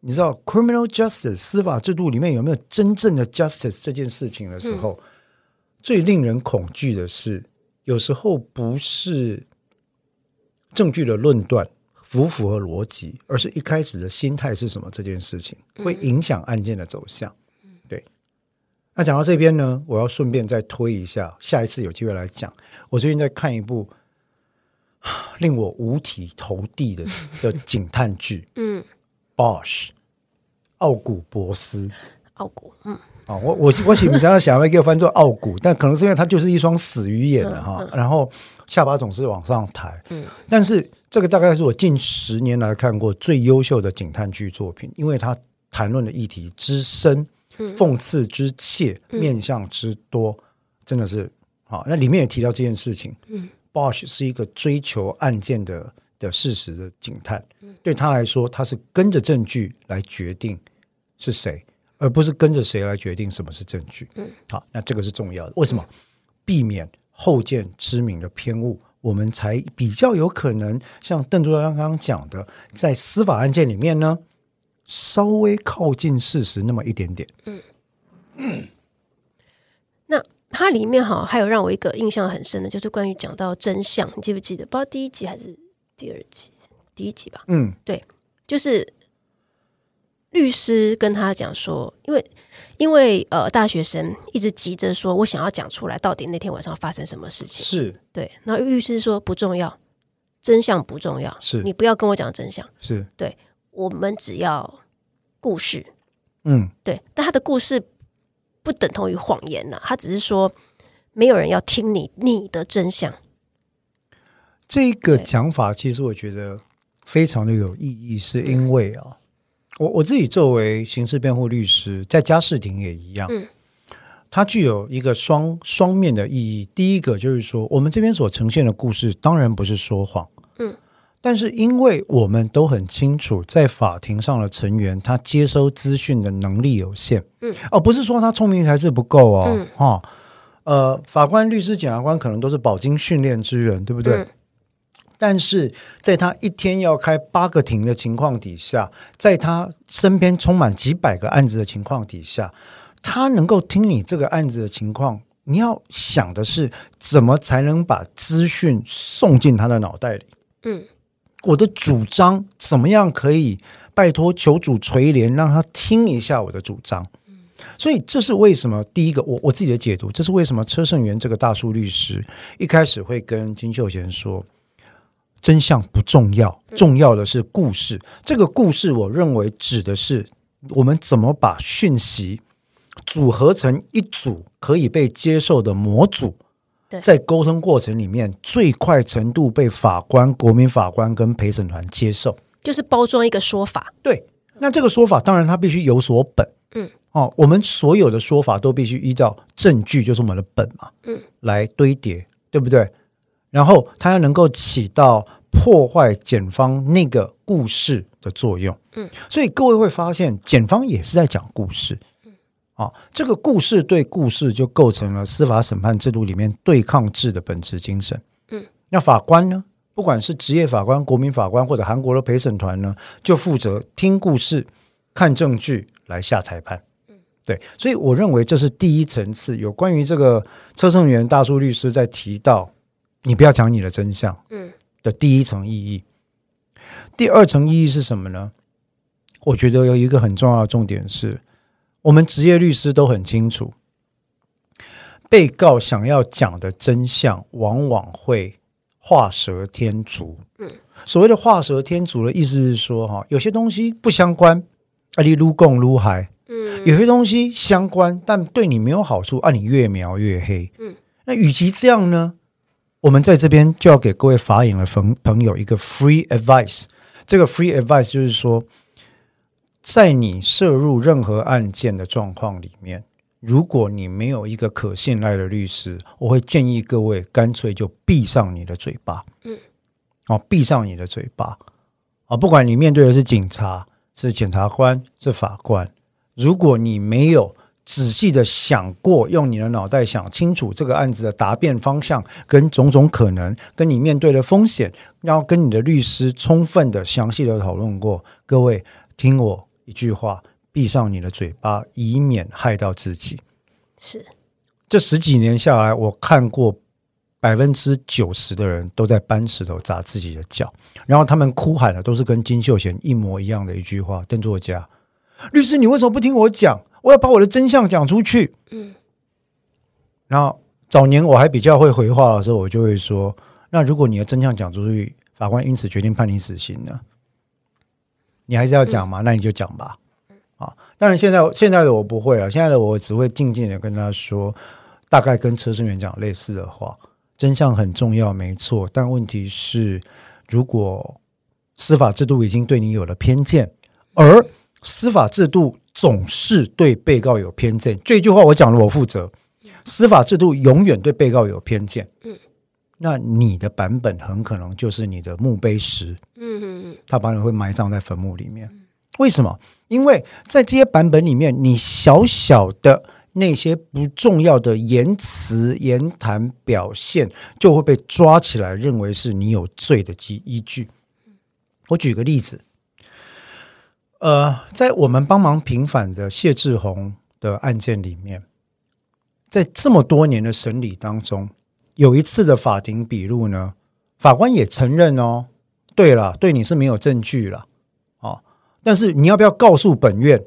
你知道 criminal justice 司法制度裡面有沒有真正的 justice 這件事情的時候，最令人恐懼的是，有時候不是證據的論斷符不符合邏輯，而是一開始的心態是什麼這件事情，會影響案件的走向。那講到這邊呢，我要順便再推一下，下一次有機會來講。我最近在看一部令我五體投地的的警探劇， *laughs* 嗯，Bosch，奧古博斯，奧古，嗯，啊，我我我喜歡你剛才想要給我翻作奧古， *laughs* 但可能是因為他就是一雙死魚眼的哈、嗯嗯，然後下巴總是往上抬，嗯，但是這個大概是我近十年來看過最優秀的警探劇作品，因為他談論的議題之深。諷刺之切，面相之多，嗯、真的是好。那裡面也提到這件事情。嗯，Bosch 是一個追求案件的的事實的警探，嗯，對他來說，他是跟着證據來決定是誰，而不是跟着誰來決定什麼是證據。嗯，好，那這個是重要的。為什麼？避免後見之明的偏誤，我們才比較有可能像鄧教授剛剛講的，在司法案件裡面呢，稍微靠近事實那麼一點點。嗯，嗯。那它裡面哈還有讓我一個印象很深的，就是關於講到真相，你記不記得？不知道第一集還是第二集，第一集吧。嗯，對，就是律師跟他講說，因為因為呃，大學生一直急着說我想要講出來，到底那天晚上發生什麼事情？是對。那律師說不重要，真相不重要，是你不要跟我講真相。是對，我們只要。故事，嗯，對，但他的故事不等同於謊言呢、啊。他只是說沒有人要聽你你的真相。這個講法其實我覺得非常的有意義，是因為啊，嗯、我我自己作為刑事辯護律師，在家事庭也一樣，它、嗯、具有一個雙雙面的意義。第一個就是說，我們這邊所呈現的故事，當然不是說謊，嗯。但是，因為我們都很清楚，在法庭上的成員，他接收資訊的能力有限。嗯、哦，嗯,而不是說他聰明才智不夠哦。嗯、哈，呃，法官、律師、檢察官可能都是飽經訓練之人，對不對？嗯、但是在他一天要開八個庭的情況底下，在他身邊充滿幾百個案子的情況底下，他能夠聽你這個案子的情況，你要想的是怎麼才能把資訊送進他的腦袋裡，嗯。我的主張怎麼樣可以拜托求主垂憐，讓他聽一下我的主張。所以這是為什麼？第一個，我我自己的解讀，這是為什麼？車勝元這個大叔律師一開始會跟金秀賢說，真相不重要，重要的是故事。這個故事，我認為指的是我們怎麼把訊息組合成一組可以被接受的模組。在溝通過程裡面，最快程度被法官、國民法官跟陪審團接受，就是包裝一個說法。對，那這個說法當然它必須有所本。嗯，哦，我們所有的說法都必須依照證據，就是我們的本嘛。嗯，來堆疊，對不對？然後它要能夠起到破壞檢方那個故事的作用。嗯，所以各位會發現，檢方也是在講故事。啊、哦，這個故事對故事就構成了司法審判制度裡面對抗制的本質精神。嗯，那法官呢，不管是職業法官、國民法官或者韓國的陪審團呢，就負責聽故事、看證據來下裁判。嗯，對，所以我認為這是第一層次有關於這個車勝元大叔律師在提到你不要講你的真相。嗯，的第一層意義、嗯，第二層意義是什麼呢？我覺得有一個很重要的重點是。我們職業律師都很清楚，被告想要講的真相，往往會畫蛇添足。所謂的畫蛇添足的意思是說，哈，有些東西不相關，啊，你擼共擼海，有些東西相關，但對你沒有好處，啊，你越描越黑，那與其這樣呢，我們在這邊就要給各位法眼的朋朋友一個 free advice。這個 free advice 就是說。在你涉入任何案件的狀況裡面，如果你沒有一個可信賴的律師，我會建議各位乾脆就閉上你的嘴巴。嗯，哦，閉上你的嘴巴。哦，不管你面對的是警察、是檢察官、是法官，如果你沒有仔細的想過，用你的腦袋想清楚這個案子的答辯方向跟種種可能，跟你面對的風險，要跟你的律師充分的、詳細的討論過。各位，聽我。一句話，閉上你的嘴巴，以免害到自己。是，這十幾年下來，我看過百分之九十的人都在搬石頭砸自己的腳，然後他們哭喊的都是跟金秀賢一模一樣的一句話：「鄧作家，嗯，律師，你為什麼不聽我講？我要把我的真相講出去。」嗯。然後早年我還比較會回話的時候，我就會說：「那如果你的真相講出去，法官因此決定判你死刑呢？」你還是要講嗎？那你就講吧，啊！當然，現在現在的我不會了。現在的我只會靜靜的跟他說，大概跟車勝元講類似的話。真相很重要，沒錯。但問題是，如果司法制度已經對你有了偏見，而司法制度總是對被告有偏見，這句話我講了，我負責。司法制度永遠對被告有偏見。嗯，那你的版本很可能就是你的墓碑石。他把人會埋葬在墳墓裡面。為什麼？因為在這些版本裡面，你小小的那些不重要的言辭、言談表現，就會被抓起來，認為是你有罪的基依據。我舉個例子，呃，在我們幫忙平反的謝志宏的案件裡面，在這麼多年的審理當中，有一次的法庭筆錄呢，法官也承認哦。對了，對你是沒有證據了，哦，但是你要不要告訴本院，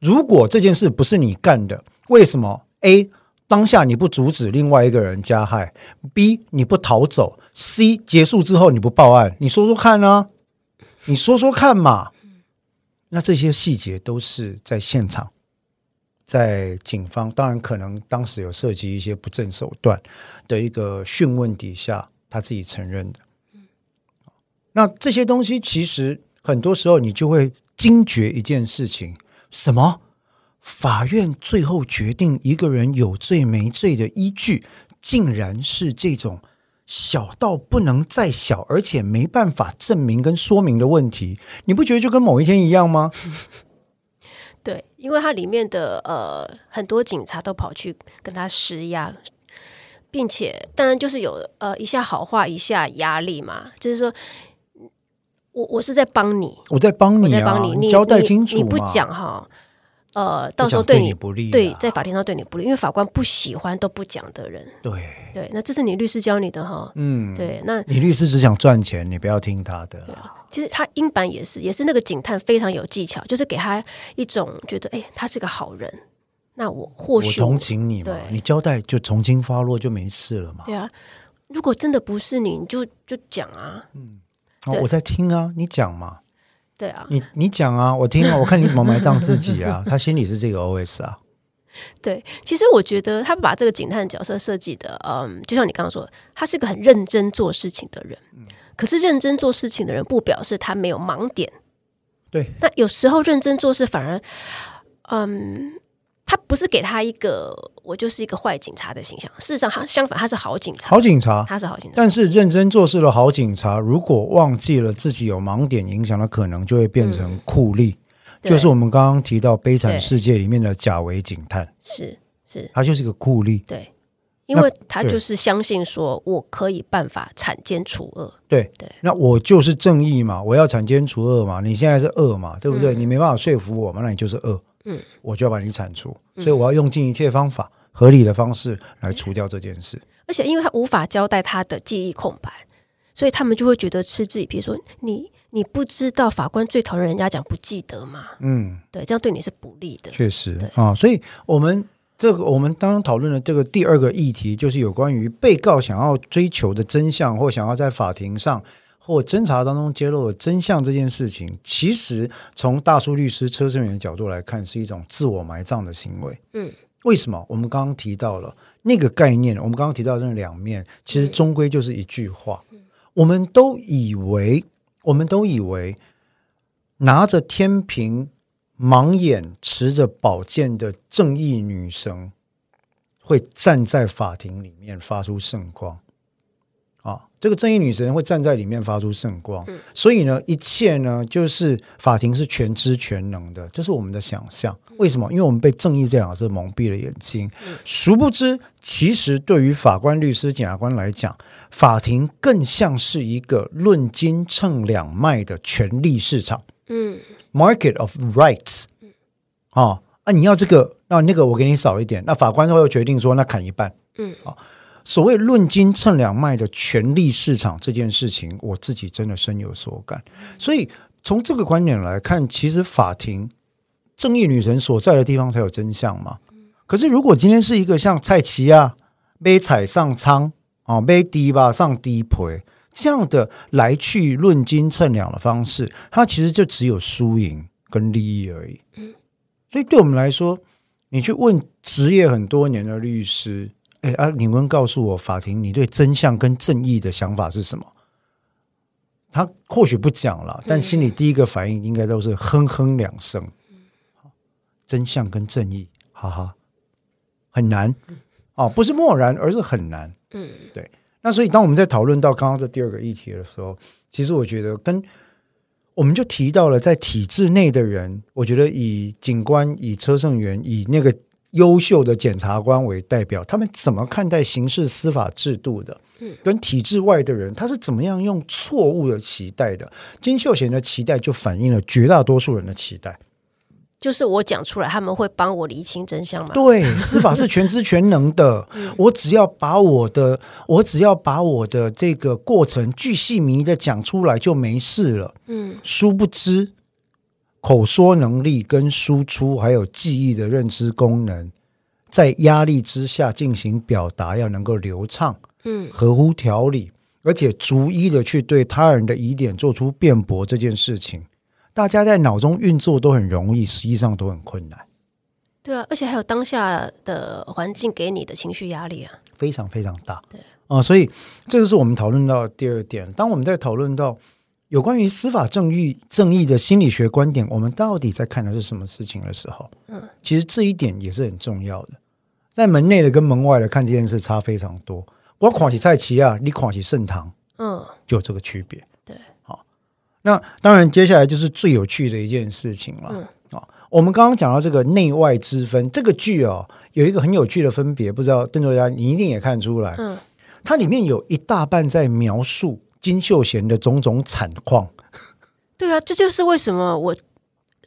如果這件事不是你幹的，為什麼 A 當下你不阻止另外一個人加害，B 你不逃走，C 結束之後你不報案，你說說看呢？啊？你說說看嘛。那這些細節都是在現場，在警方當然可能當時有涉及一些不正手段的一個訊問底下，他自己承認的。那這些東西其實很多時候你就會驚覺一件事情：什麼法院最後決定一個人有罪沒罪的依據，竟然是這種小到不能再小，而且沒辦法證明跟說明的問題。你不覺得就跟某一天一樣嗎？嗯、對，因為它裡面的呃，很多警察都跑去跟他施壓，並且當然就是有呃一下好話，一下壓力嘛，就是說。我我是在幫你，我在幫你啊，我在幫你，你，你交代清楚，你不講哈，呃，到時候對你，不，對你不利，對，在法庭上對你不利，因為法官不喜歡都不講的人，對對，那這是你律師教你的哈，嗯，對，那你律師只想賺錢，你不要聽他的。其實他英版也是，也是那個警探非常有技巧，就是給他一種覺得，哎，他是個好人，那我或許同情你嘛，你交代就從輕發落就沒事了嘛，對啊，如果真的不是你，你就就講啊，嗯。哦，我在聽啊，你講嘛。對啊，你你講啊，我聽啊，我看你怎麼埋葬自己啊？ *laughs* 他心裡是這個 OS 啊。對，其實我覺得他把這個警探角色設計的，嗯，就像你剛剛說的，他是個很認真做事情的人，嗯，可是認真做事情的人不表示他沒有盲點。對。那有時候認真做事反而，嗯。他不是給他一個我就是一個壞警察的形象，事實上，他相反，他是好警察。好警察，他是好警察、警察。但是認真做事的好警察，如果忘記了自己有盲點影響的可能，就會變成酷吏。嗯、就是我們剛剛提到《悲慘世界》裡面的賈維警探，是是，他就是一個酷吏。對，因為他就是相信說我可以辦法鏟奸除惡。對對，那我就是正義嘛，我要鏟奸除惡嘛，你現在是惡嘛，對不對、嗯？你沒辦法說服我嘛，那你就是惡。嗯，我就要把你鏟除，所以我要用盡一切方法，合理的方式來除掉這件事，嗯嗯。而且，因為他無法交代他的記憶空白，所以他們就會覺得嗤之以鼻。比如說你，你你不知道法官最討厭人，人家講不記得嘛？嗯，對，這樣對你是不利的，嗯。確實，啊，所以我們這個我們剛剛討論的這個第二個議題，就是有關於被告想要追求的真相，或想要在法庭上。或偵查當中揭露了真相這件事情，其實從大叔律師車勝元的角度來看，是一種自我埋葬的行為。嗯。為什麼？我們剛剛提到了那個概念，我們剛剛提到的那兩面，其實終歸就是一句話。嗯。我們都以為，我們都以為，拿着天平、盲眼、持着寶劍的正義女神，會站在法庭裡面發出聖光。啊、哦，這個正義女神會站在裡面發出聖光。嗯，所以呢，一切呢就是法庭是全知全能的，這是我們的想象。為什麼，嗯？因為我們被“正義”這兩個字蒙蔽了眼睛。嗯。殊不知，其實對於法官、律師、檢察官來講，法庭更像是一個論斤秤兩賣的權利市場。嗯，market of rights。哦。啊啊，你要這個，那那個我給你少一點。那法官會決定說，那砍一半。嗯，好，哦。所謂論斤稱兩賣的權力市場這件事情，我自己真的深有所感。所以從這個觀點來看，其實法庭正義女神所在的地方才有真相嘛。可是如果今天是一個像菜市仔啊，買菜送蔥啊，買豬肉送豬皮這樣的來去論斤稱兩的方式，它其實就只有輸贏跟利益而已。嗯，所以對我們來說，你去問職業很多年的律師，哎啊，警官，告訴我法庭，你對真相跟正義的想法是什麼？他或許不講了，但心裡第一個反應應該都是哼哼兩聲。真相跟正義，哈哈，很難哦，不是漠然，而是很難。嗯，對。那所以，當我們在討論到剛剛這第二個議題的時候，其實我覺得跟我們就提到了在體制內的人，我覺得以警官、以車勝元、以那個。優秀的檢察官為代表，他們怎麼看待刑事司法制度的？嗯，跟體制外的人，他是怎麼樣用錯誤的期待的？金秀賢的期待就反映了絕大多數人的期待，就是我講出來，他們會幫我釐清真相嗎？對，司法是全知全能的， *laughs* 我只要把我的，我只要把我的這個過程巨細靡遺地講出來就沒事了。嗯，殊不知。口說能力跟輸出，還有記憶的認知功能，在壓力之下進行表達，要能夠流暢，嗯，合乎條理，而且逐一的去對他人的疑點做出辯駁，這件事情，大家在腦中運作都很容易，實際上都很困難。對啊，而且還有當下的環境給你的情緒壓力啊，非常非常大。對啊，嗯，所以這個是我們討論到的第二點。當我們在討論到有關於司法正義正義的心理學觀點，我們到底在看的是什麼事情的時候，嗯，其實這一點也是很重要的。在門內的跟門外的看這件事差非常多。我看起菜畦啊，你看起盛唐，嗯，就有這個區別。對，好。那當然，接下來就是最有趣的一件事情了。好，我們剛剛講到這個內外之分，這個劇啊，有一個很有趣的分別，不知道鄧作家你一定也看出來。嗯，它裡面有一大半在描述，金秀賢的種種慘況，對啊，這就是為什麼我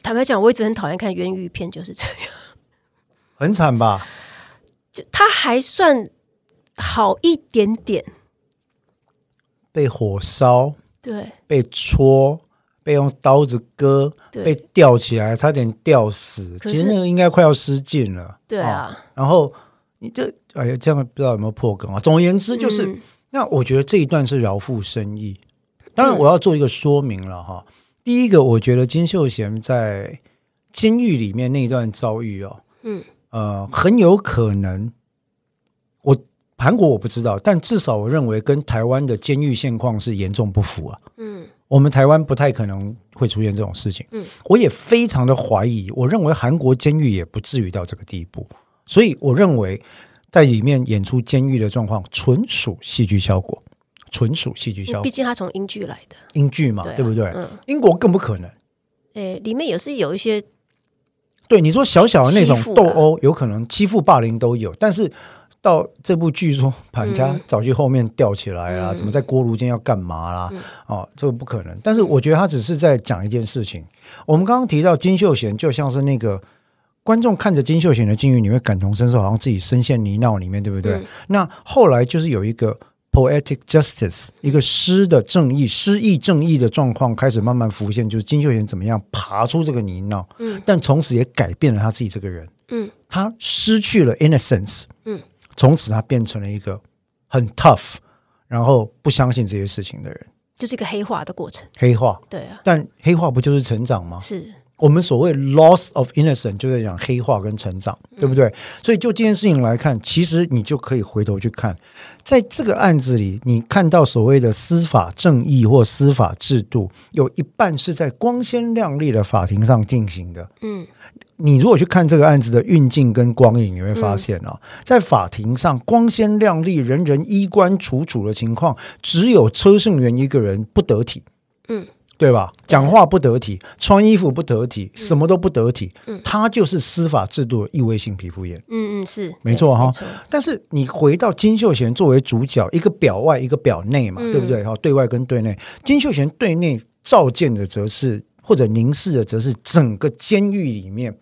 坦白講，我一直很討厭看冤獄片，就是這樣，很慘吧？就他還算好一點點，被火燒，對，被戳，被用刀子割，被吊起來，差點吊死，其實那個應該快要失禁了，對啊。哦、然後你這哎呀，這樣不知道有沒有破梗啊？總而言之，就是。嗯那我覺得這一段是饒富深意，當然我要做一個說明了哈。第一個，我覺得金秀賢在監獄裡面那一段遭遇哦，嗯，呃，很有可能，我韓國我不知道，但至少我認為跟台灣的監獄現況是嚴重不符啊。嗯，我們台灣不太可能會出現這種事情。嗯，我也非常的懷疑，我認為韓國監獄也不至於到這個地步，所以我認為。在裡面演出監獄的狀況，純屬戲劇效果，純屬戲劇效果。畢竟他從英劇來的，英劇嘛對、啊，對不對、嗯？英國更不可能。哎、欸，裡面也是有一些，對你說小小的那種鬥毆、啊，有可能欺負、霸凌都有。但是到這部劇說把人家找去後面吊起來了、嗯、怎麼在鍋爐間要幹嘛啦？嗯、哦，這個不可能。但是我覺得他只是在講一件事情。嗯、我們剛剛提到金秀賢，就像是那個。觀眾看着金秀賢的境遇，你會感同身受，好像自己深陷泥淖裡面，對不對？嗯。那後來就是有一個 poetic justice，一個詩的正義、詩意正義的狀況開始慢慢浮現，就是金秀賢怎麼樣爬出這個泥淖。嗯，但從此也改變了他自己這個人。嗯，他失去了 innocence。嗯，從此他變成了一個很 tough，然後不相信這些事情的人，就是一個黑化的過程。黑化，對啊。但黑化不就是成長嗎？是。我們所謂 loss of innocence 就在講黑化跟成長，對不對、嗯？所以就這件事情來看，其實你就可以回頭去看，在這個案子裡，你看到所謂的司法正義或司法制度，有一半是在光鮮亮麗的法庭上進行的。嗯，你如果去看這個案子的運鏡跟光影，你會發現啊、哦嗯，在法庭上光鮮亮麗、人人衣冠楚楚的情況，只有車勝元一個人不得體。嗯。對吧？講話不得體，嗯，穿衣服不得體，嗯，什麼都不得體。嗯，他就是司法制度的異位性皮膚炎。嗯嗯，是沒錯哈。但是你回到金秀賢作為主角，一個表外，一個表內嘛，嗯，對不對？哈，對外跟對內，金秀賢對內照見的則是，或者凝視的則是整個監獄裡面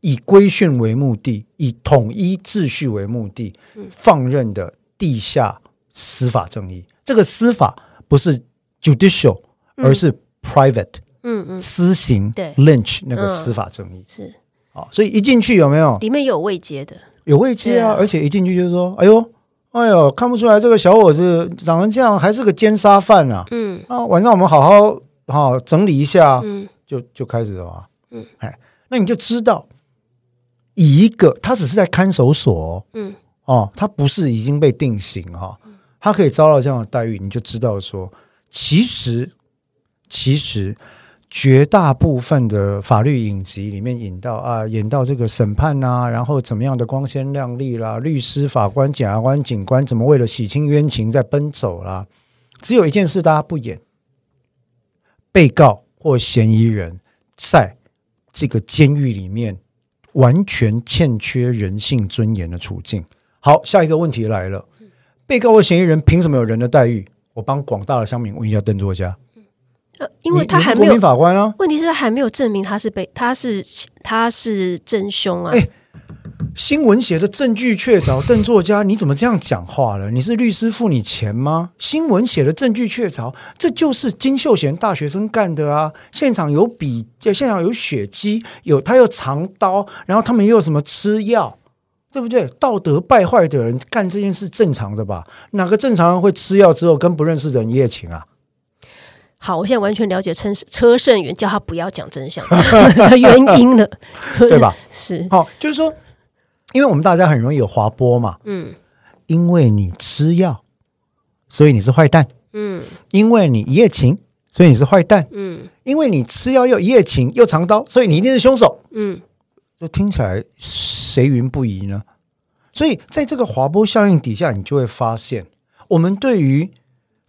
以規訓為目的，以統一秩序為目的放任的地下司法正義。這個司法不是 judicial，而是，嗯 Private，嗯嗯，私刑對 Lynch 那個司法正義、嗯、是啊、哦，所以一進去有沒有？裡面有未接的，有未接啊，而且一進去就是說：“哎呦，哎呦，看不出來這個小伙子長成這樣，還是個奸殺犯啊！”嗯，啊，晚上我們好好好、啊，整理一下，嗯，就就開始了、啊。嗯，哎，那你就知道，以一個他只是在看守所、哦，嗯，哦，他不是已經被定刑哈、哦，他可以遭到這樣的待遇，你就知道說，其實。其實，絕大部分的法律影集裡面演到啊，演到這個審判啊，然後怎麼樣的光鮮亮麗啦，律師、法官、檢察官、警官怎麼為了洗清冤情，在奔走啦、啊？只有一件事大家不演：被告或嫌疑人在這個監獄裡面完全欠缺人性尊嚴的處境。好，下一個問題來了：被告或嫌疑人憑什麼有人的待遇？我幫廣大的鄉民問一下鄧作家。呃，因為他還沒有，問題是他還沒有證明他是被他是他是真凶啊！啊、哎，新聞寫的證據確鑿，鄧作家你怎麼這樣講話了？你是律師付你錢嗎？新聞寫的證據確鑿，這就是金秀賢大學生幹的啊！現場有筆，現場有血跡，有他有藏刀，然後他們又什麼吃藥，對不對？道德敗壞的人幹這件事正常的吧？哪個正常人會吃藥之後跟不認識的人一夜情啊？好，我現在完全了解車車勝元叫他不要講真相的 *laughs* 原因了的， *laughs* 對吧？是？是。好，就是說，因為我們大家很容易有滑坡嘛，嗯，因為你吃藥，所以你是壞蛋，嗯，因為你一夜情，所以你是壞蛋，嗯，因為你吃藥又一夜情又藏刀，所以你一定是凶手，嗯，這聽起來誰云不疑呢？所以在這個滑坡效應底下，你就會發現，我們對於。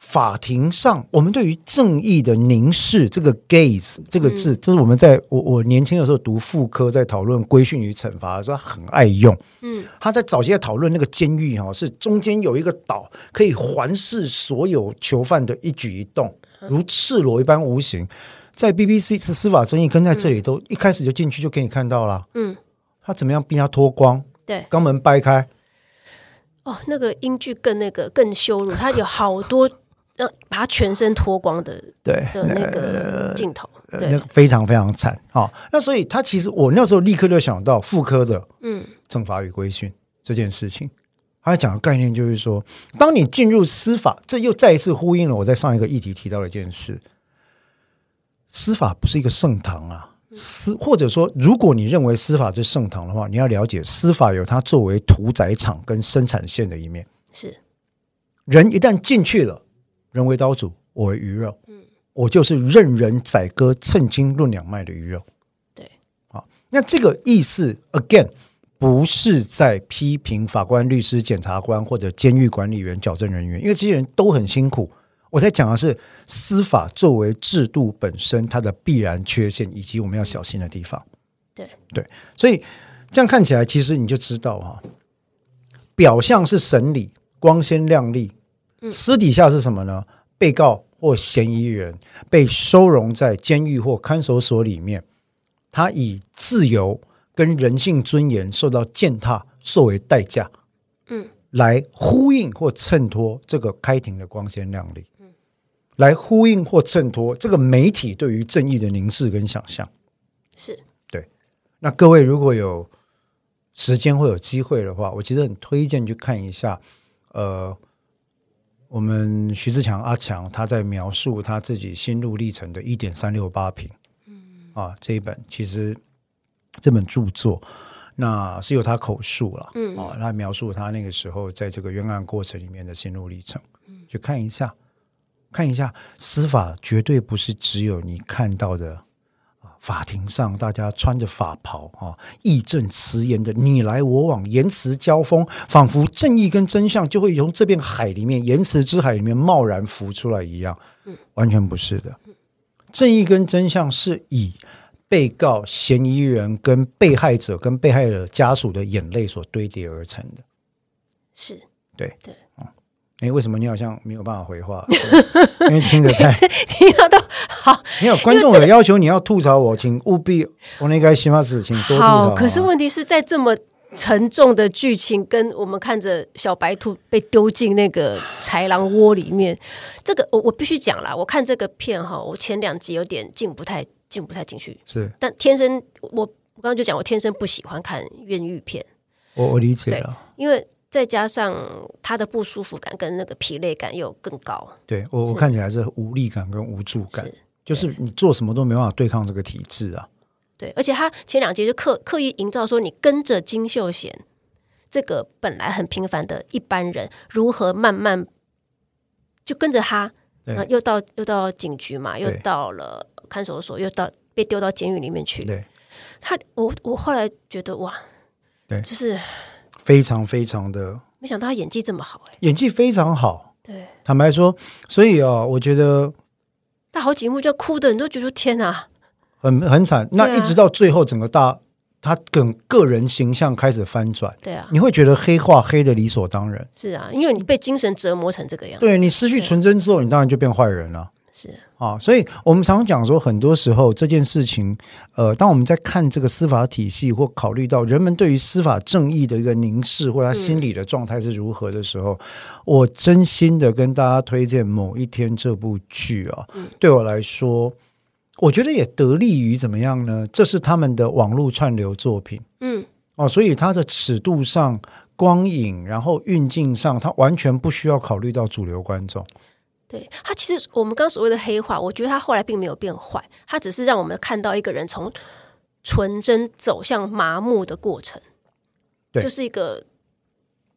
法庭上，我們對於正義的凝視，這個 gaze 這個字，嗯、這是我們在我我年輕的時候讀傅柯，在討論規訓與懲罰的時候，他很愛用。嗯，他在早期在討論那個監獄哈，是中間有一個島，可以環視所有囚犯的一舉一動，如赤裸一般無形。在 BBC 是司法正義，跟在這裡都、嗯、一開始就進去，就可以看到了。嗯，他怎麼樣？逼他脫光？對，肛門掰開。哦，那個英劇更那個更羞辱，他有好多。 *laughs* 要把他全身脫光的，對的那個鏡頭，呃對，那非常非常慘啊，哦！那所以，他其實我那時候立刻就想到，傅柯的，嗯，懲罰與規訓這件事情，嗯，他講的概念就是說，當你進入司法，這又再一次呼應了我在上一個議題提到的一件事：司法不是一個聖堂啊，司或者說，如果你認為司法是聖堂的話，你要了解，司法有它作為屠宰場跟生產線的一面，是人一旦進去了。人為刀俎，我為魚肉。嗯，我就是任人宰割、秤斤論兩賣的魚肉。對，好，那這個意思，again，不是在批評法官、律師、檢察官或者監獄管理員、矯正人員，因為這些人都很辛苦。我在講的是司法作為制度本身它的必然缺陷，以及我們要小心的地方。對，對，所以這樣看起來，其實你就知道哈，表象是審理光鮮亮麗。私底下是什麼呢？被告或嫌疑人，被收容在監獄或看守所裡面，他以自由跟人性尊嚴受到踐踏作為代價，嗯，來呼應或襯托這個開庭的光鮮亮麗，嗯，來呼應或襯托這個媒體對於正義的凝視跟想象，是，對。那各位如果有時間或有機會的話，我其實很推薦去看一下，呃。我們徐志強阿強，他在描述他自己心路歷程的《一點三六八平》，嗯啊，這一本其實這本著作，那是由他口述了，嗯啊，他描述他那個時候在這個冤案過程裡面的心路歷程，去、嗯、看一下，看一下司法絕對不是只有你看到的。法庭上，大家穿着法袍啊，義正詞嚴的你來我往，言辭交鋒，仿佛正義跟真相就會從這片海裡面，言辭之海裡面貿然浮出來一樣。完全不是的，嗯、正義跟真相是以被告、嫌疑人、跟被害者、跟被害者家屬的眼淚所堆疊而成的。是，對對。哎，為什麼你好像沒有辦法回話？ *laughs* 因為聽着太聽到 *laughs* 好。沒有、這個、觀眾有要求你要吐槽我，請務必我那該希望事請多吐槽。可是問題是在這麼沉重的劇情，跟我們看着小白兔被丟進那個豺狼窩裡面， *laughs* 這個我我必須講啦。我看這個片哈，我前兩集有點進不太進不太進去。是，但天生我我剛剛就講，我天生不喜歡看冤獄片。我我理解了，因為。再加上他的不舒服感跟那個疲累感又更高，對，我我看起來是無力感跟無助感，就是你做什麼都沒辦法對抗這個體制啊。對，而且他前兩集就刻刻意營造說，你跟着金秀賢這個本來很平凡的一般人，如何慢慢就跟着他，又到又到警局嘛，又到了看守所，又到被丟到監獄裡面去。對，他我我後來覺得哇，對，就是。非常非常的，沒想到他演技這麼好、欸，哎，演技非常好。對，坦白說，所以哦，我覺得，那好幾幕就哭的你都覺得天哪，很很慘。那一直到最後，整個大他跟個人形象開始翻轉。對啊，你會覺得黑化黑的理所當然。是啊，因為你被精神折磨成這個樣子，對你失去純真之後，你當然就變壞人了。是啊。啊、哦，所以我們常講說，很多時候這件事情，呃，當我們在看這個司法體系，或考慮到人們對於司法正義的一個凝視，或他心理的狀態是如何的時候，嗯、我真心的跟大家推薦某一天這部劇啊、哦嗯，對我來說，我覺得也得力於怎麼樣呢？這是他們的網絡串流作品，嗯，哦，所以它的尺度上、光影，然後運鏡上，它完全不需要考慮到主流觀眾。對，他其實，我們剛所謂的黑化，我覺得他後來並沒有變壞，他只是讓我們看到一個人從純真走向麻木的過程，對，就是一個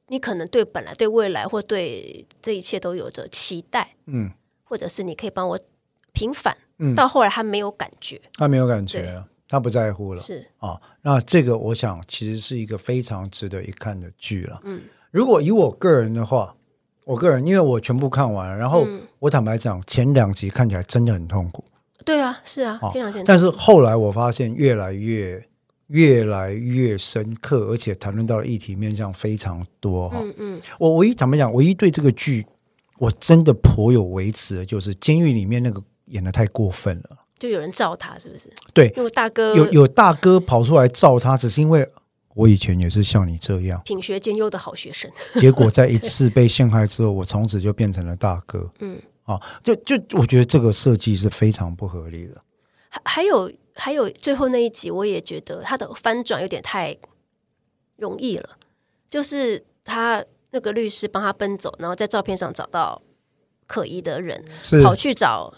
你可能對本來對未來或對這一切都有着期待，嗯，或者是你可以幫我平反，嗯，到後來他沒有感覺，他沒有感覺，他不在乎了，是啊，那這個我想其實是一個非常值得一看的劇了，嗯，如果以我個人的話。我個人，因為我全部看完了，然後我坦白講，嗯、前兩集看起來真的很痛苦。對啊，是啊，哦、前兩集。但是後來我發現，越來越、越來越深刻，而且談論到的議題面向非常多。哈、嗯，嗯嗯。我唯一坦白講，唯一對這個劇我真的頗有微詞的就是監獄裡面那個演得太過分了，就有人罩他是不是？對，有大哥，有有大哥跑出來罩他、嗯，只是因為。我以前也是像你這樣品學兼優的好學生， *laughs* 結果在一次被陷害之後，我從此就變成了大哥。嗯，啊，就就我覺得這個設計是非常不合理的。還還有還有最後那一集，我也覺得他的翻轉有點太容易了。就是他那個律師幫他奔走，然後在照片上找到可疑的人，是跑去找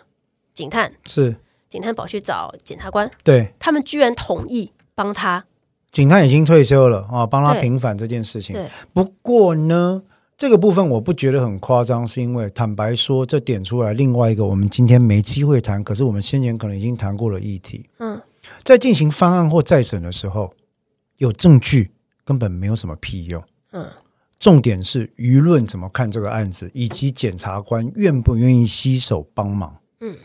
警探，是警探跑去找檢察官，對，他們居然同意幫他。警探已經退休了啊，幫他平反這件事情。對。不過呢，這個部分我不覺得很誇張，是因為坦白說，這點出來另外一個，我們今天沒機會談，可是我們先前可能已經談過了議題。嗯。在進行翻案或再審的時候，有證據根本沒有什麼屁用。嗯。重點是輿論怎麼看這個案子，以及檢察官願不願意攜手幫忙。嗯。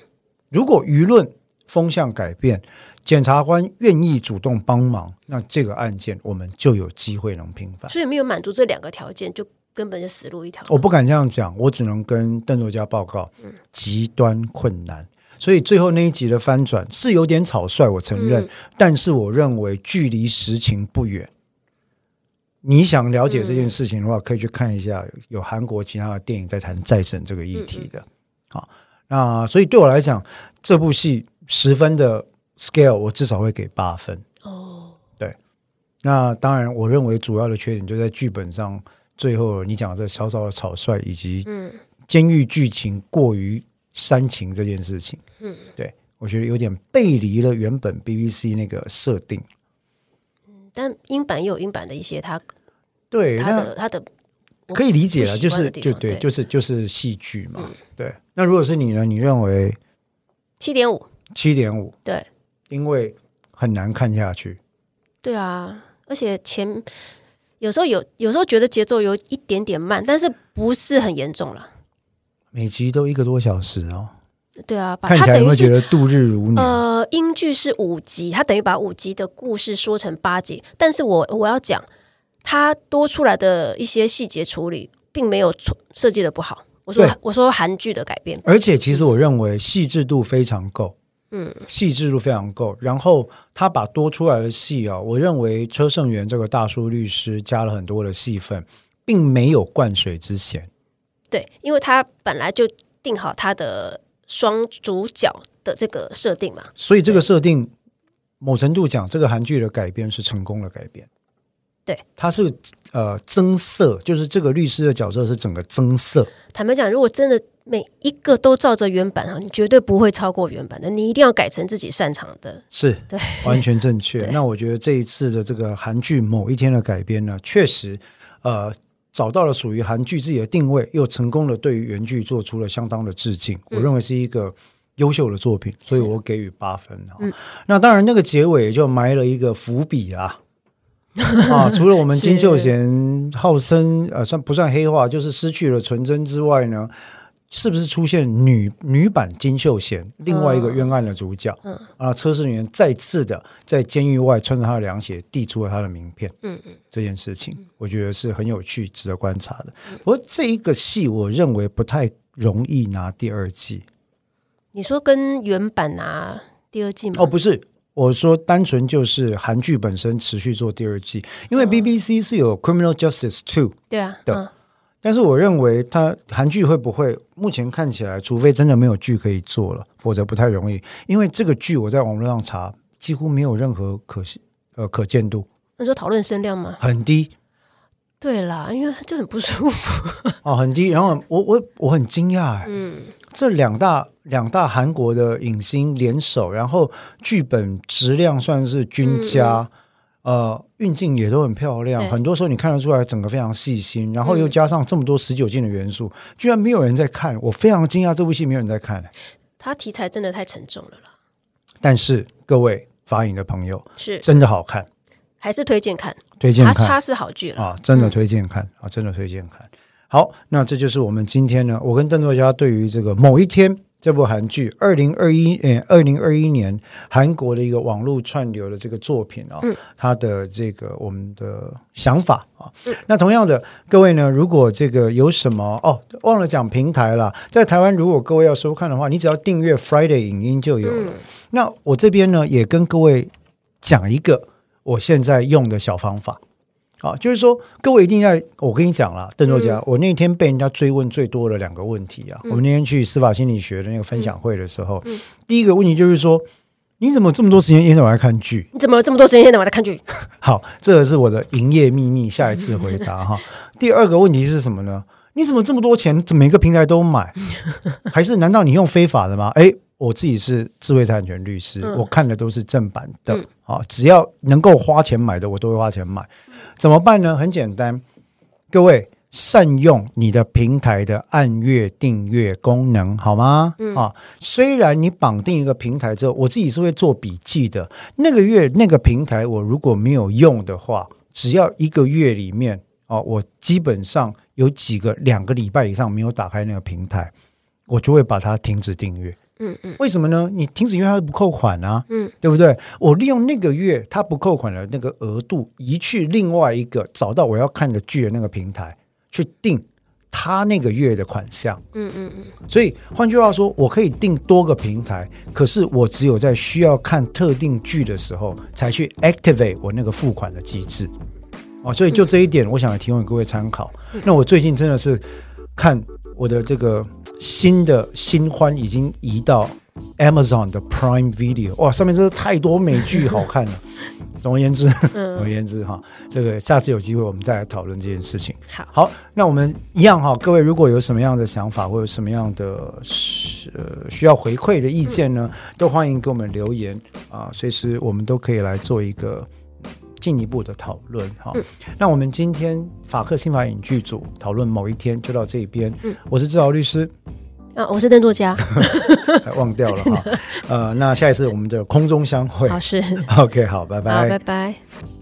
如果輿論風向改變。檢察官願意主動幫忙，那這個案件我們就有機會能平反。所以沒有滿足這兩個條件，就根本就死路一條。我不敢這樣講，我只能跟鄧作家報告，極端困難。所以最後那一集的翻轉是有點草率，我承認。嗯、但是我認為距離實情不遠。你想了解這件事情的話，可以去看一下有韓國其他的電影在談再審這個議題的。嗯嗯嗯，好，那所以對我來講，這部戲十分的。Scale 我至少會給八分哦，對。那當然，我認為主要的缺點就是在劇本上。最後你講的這稍稍的草率，以及嗯，監獄劇情過於煽情這件事情，嗯，對，我覺得有點背離了原本 BBC 那個設定。嗯，但英版也有英版的一些它對它的，它的可以理解了，就是就對，對，就是就是戲劇嘛，嗯。對，那如果是你呢？你認為七點五？七點五？5, 對。因為很難看下去，對啊！而且，前有時候有有時候覺得節奏有一點點慢，但是不是很嚴重了。每集都一個多小時哦，對啊，看起來等於覺得度日如年。呃，英劇是五集，他等於把五集的故事說成八集，但是我我要講他多出來的一些細節處理，並沒有設計的不好。我說我說韓劇的改編，而且其實我認為細致度非常夠。嗯嗯，細緻度非常夠。然後他把多出來的戲啊，我認為車勝元這個大叔律師加了很多的戲份，並沒有灌水之嫌。對，因為他本來就定好他的雙主角的這個設定嘛，所以這個設定某程度講，這個韓劇的改編是成功的改編。對，它是呃增色，就是這個律師的角色是整個增色。坦白講，如果真的每一個都照着原版啊，你絕對不會超過原版的，你一定要改成自己擅長的。是，對，完全正確。 *laughs* 那我覺得這一次的這個韓劇《某一天》的改編呢，確實呃找到了屬於韓劇自己的定位，又成功的對於原劇做出了相當的致敬，嗯、我認為是一個優秀的作品，所以我給予八分、嗯、那當然，那個結尾就埋了一個伏筆啊。 *laughs* 啊，除了我們金秀賢號稱呃算不算黑化，就是失去了純真之外呢，是不是出現女女版金秀賢另外一個冤案的主角、嗯嗯、啊？車勝元再次的在監獄外穿着他的涼鞋遞出了他的名片。嗯嗯，這件事情我覺得是很有趣，值得觀察的。不過這一個戲，我認為不太容易拿第二季。嗯、你說跟原版拿、啊、第二季嗎？哦，不是。我說，單純就是韓劇本身持續做第二季，因為 BBC 是有 Criminal《Criminal Justice Two》的。對啊，嗯，但是我認為它韓劇會不會？目前看起來，除非真的沒有劇可以做了，否則不太容易。因為這個劇我在網絡上查，幾乎沒有任何可呃可見度。你說討論聲量嗎？很低。對啦，因為就很不舒服。 *laughs* 哦，很低。然後我我我很驚訝哎。嗯。這兩大兩大韓國的影星聯手，然後劇本質量算是均佳，嗯嗯，呃，運鏡也都很漂亮。很多時候你看得出來整個非常細心，然後又加上這麼多十九禁的元素，嗯，居然沒有人在看，我非常驚訝。這部戲沒有人在看。欸，它題材真的太沉重了啦。但是各位法影的朋友是真的好看，還是推薦看？推薦看，它是好劇了啊，真的推薦看啊，真的推薦看。嗯啊真的推薦看。好，那這就是我們今天呢，我跟鄧作家對於這個某一天這部韓劇二零二一呃二零二一年韓國的一個網絡串流的這個作品啊、哦嗯，它的這個我們的想法啊、哦嗯。那同樣的，各位呢，如果這個有什麼哦，忘了講平台了，在台灣，如果各位要收看的話，你只要訂閱 Friday 影音就有了、嗯。那我這邊呢，也跟各位講一個我現在用的小方法。啊、哦，就是說，各位一定在我跟你講了，鄧諾家、嗯，我那天被人家追問最多的兩個問題啊。嗯、我們那天去司法心理學的那個分享會的時候，嗯嗯、第一個問題就是說，你怎麼這麼多時間一天到晚在看劇？你怎麼這麼多時間一天到晚在看劇？好，這個是我的營業秘密，下一次回答哈、哦。第二個問題是什麼呢？你怎麼這麼多錢，怎麼每個平台都買？還是難道你用非法的嗎？哎，我自己是智慧財產權律師，我看的都是正版的啊、嗯哦。只要能夠花錢買的，我都會花錢買。怎麼辦呢？很簡單，各位善用你的平台的按月訂閱功能，好嗎？嗯，啊，雖然你綁定一個平台之後，我自己是會做筆記的。那個月那個平台我如果沒有用的話，只要一個月裡面啊，我基本上有幾個兩個禮拜以上沒有打開那個平台，我就會把它停止訂閱。為什麼呢？你停止因為它不扣款啊，嗯，對不對？我利用那個月它不扣款的那個額度，移去另外一個找到我要看的劇的那個平台去定它那個月的款項。嗯嗯嗯。所以換句話說，我可以定多個平台，可是我只有在需要看特定劇的時候才去 activate 我那個付款的機制。哦、啊，所以就這一點，我想提供給各位參考。那我最近真的是看。我的這個新的新歡已經移到 Amazon 的 Prime Video，哇，上面真的太多美劇好看了。 *laughs* 總而言之，嗯、總而言之哈，這個下次有機會我們再來討論這件事情。好，好，那我們一樣哈，各位如果有什麼樣的想法或者什麼樣的是需要回饋的意見呢，嗯、都歡迎給我們留言啊，隨時我們都可以來做一個。進一步的討論哈，那我們今天法客新法影劇組討論某一天就到這邊，嗯。我是志豪律師，啊，我是鄧作家， *laughs* 還忘掉了哈。哦、 *laughs* 呃，那下一次我們的空中相會。好是，OK，好，拜拜，拜拜。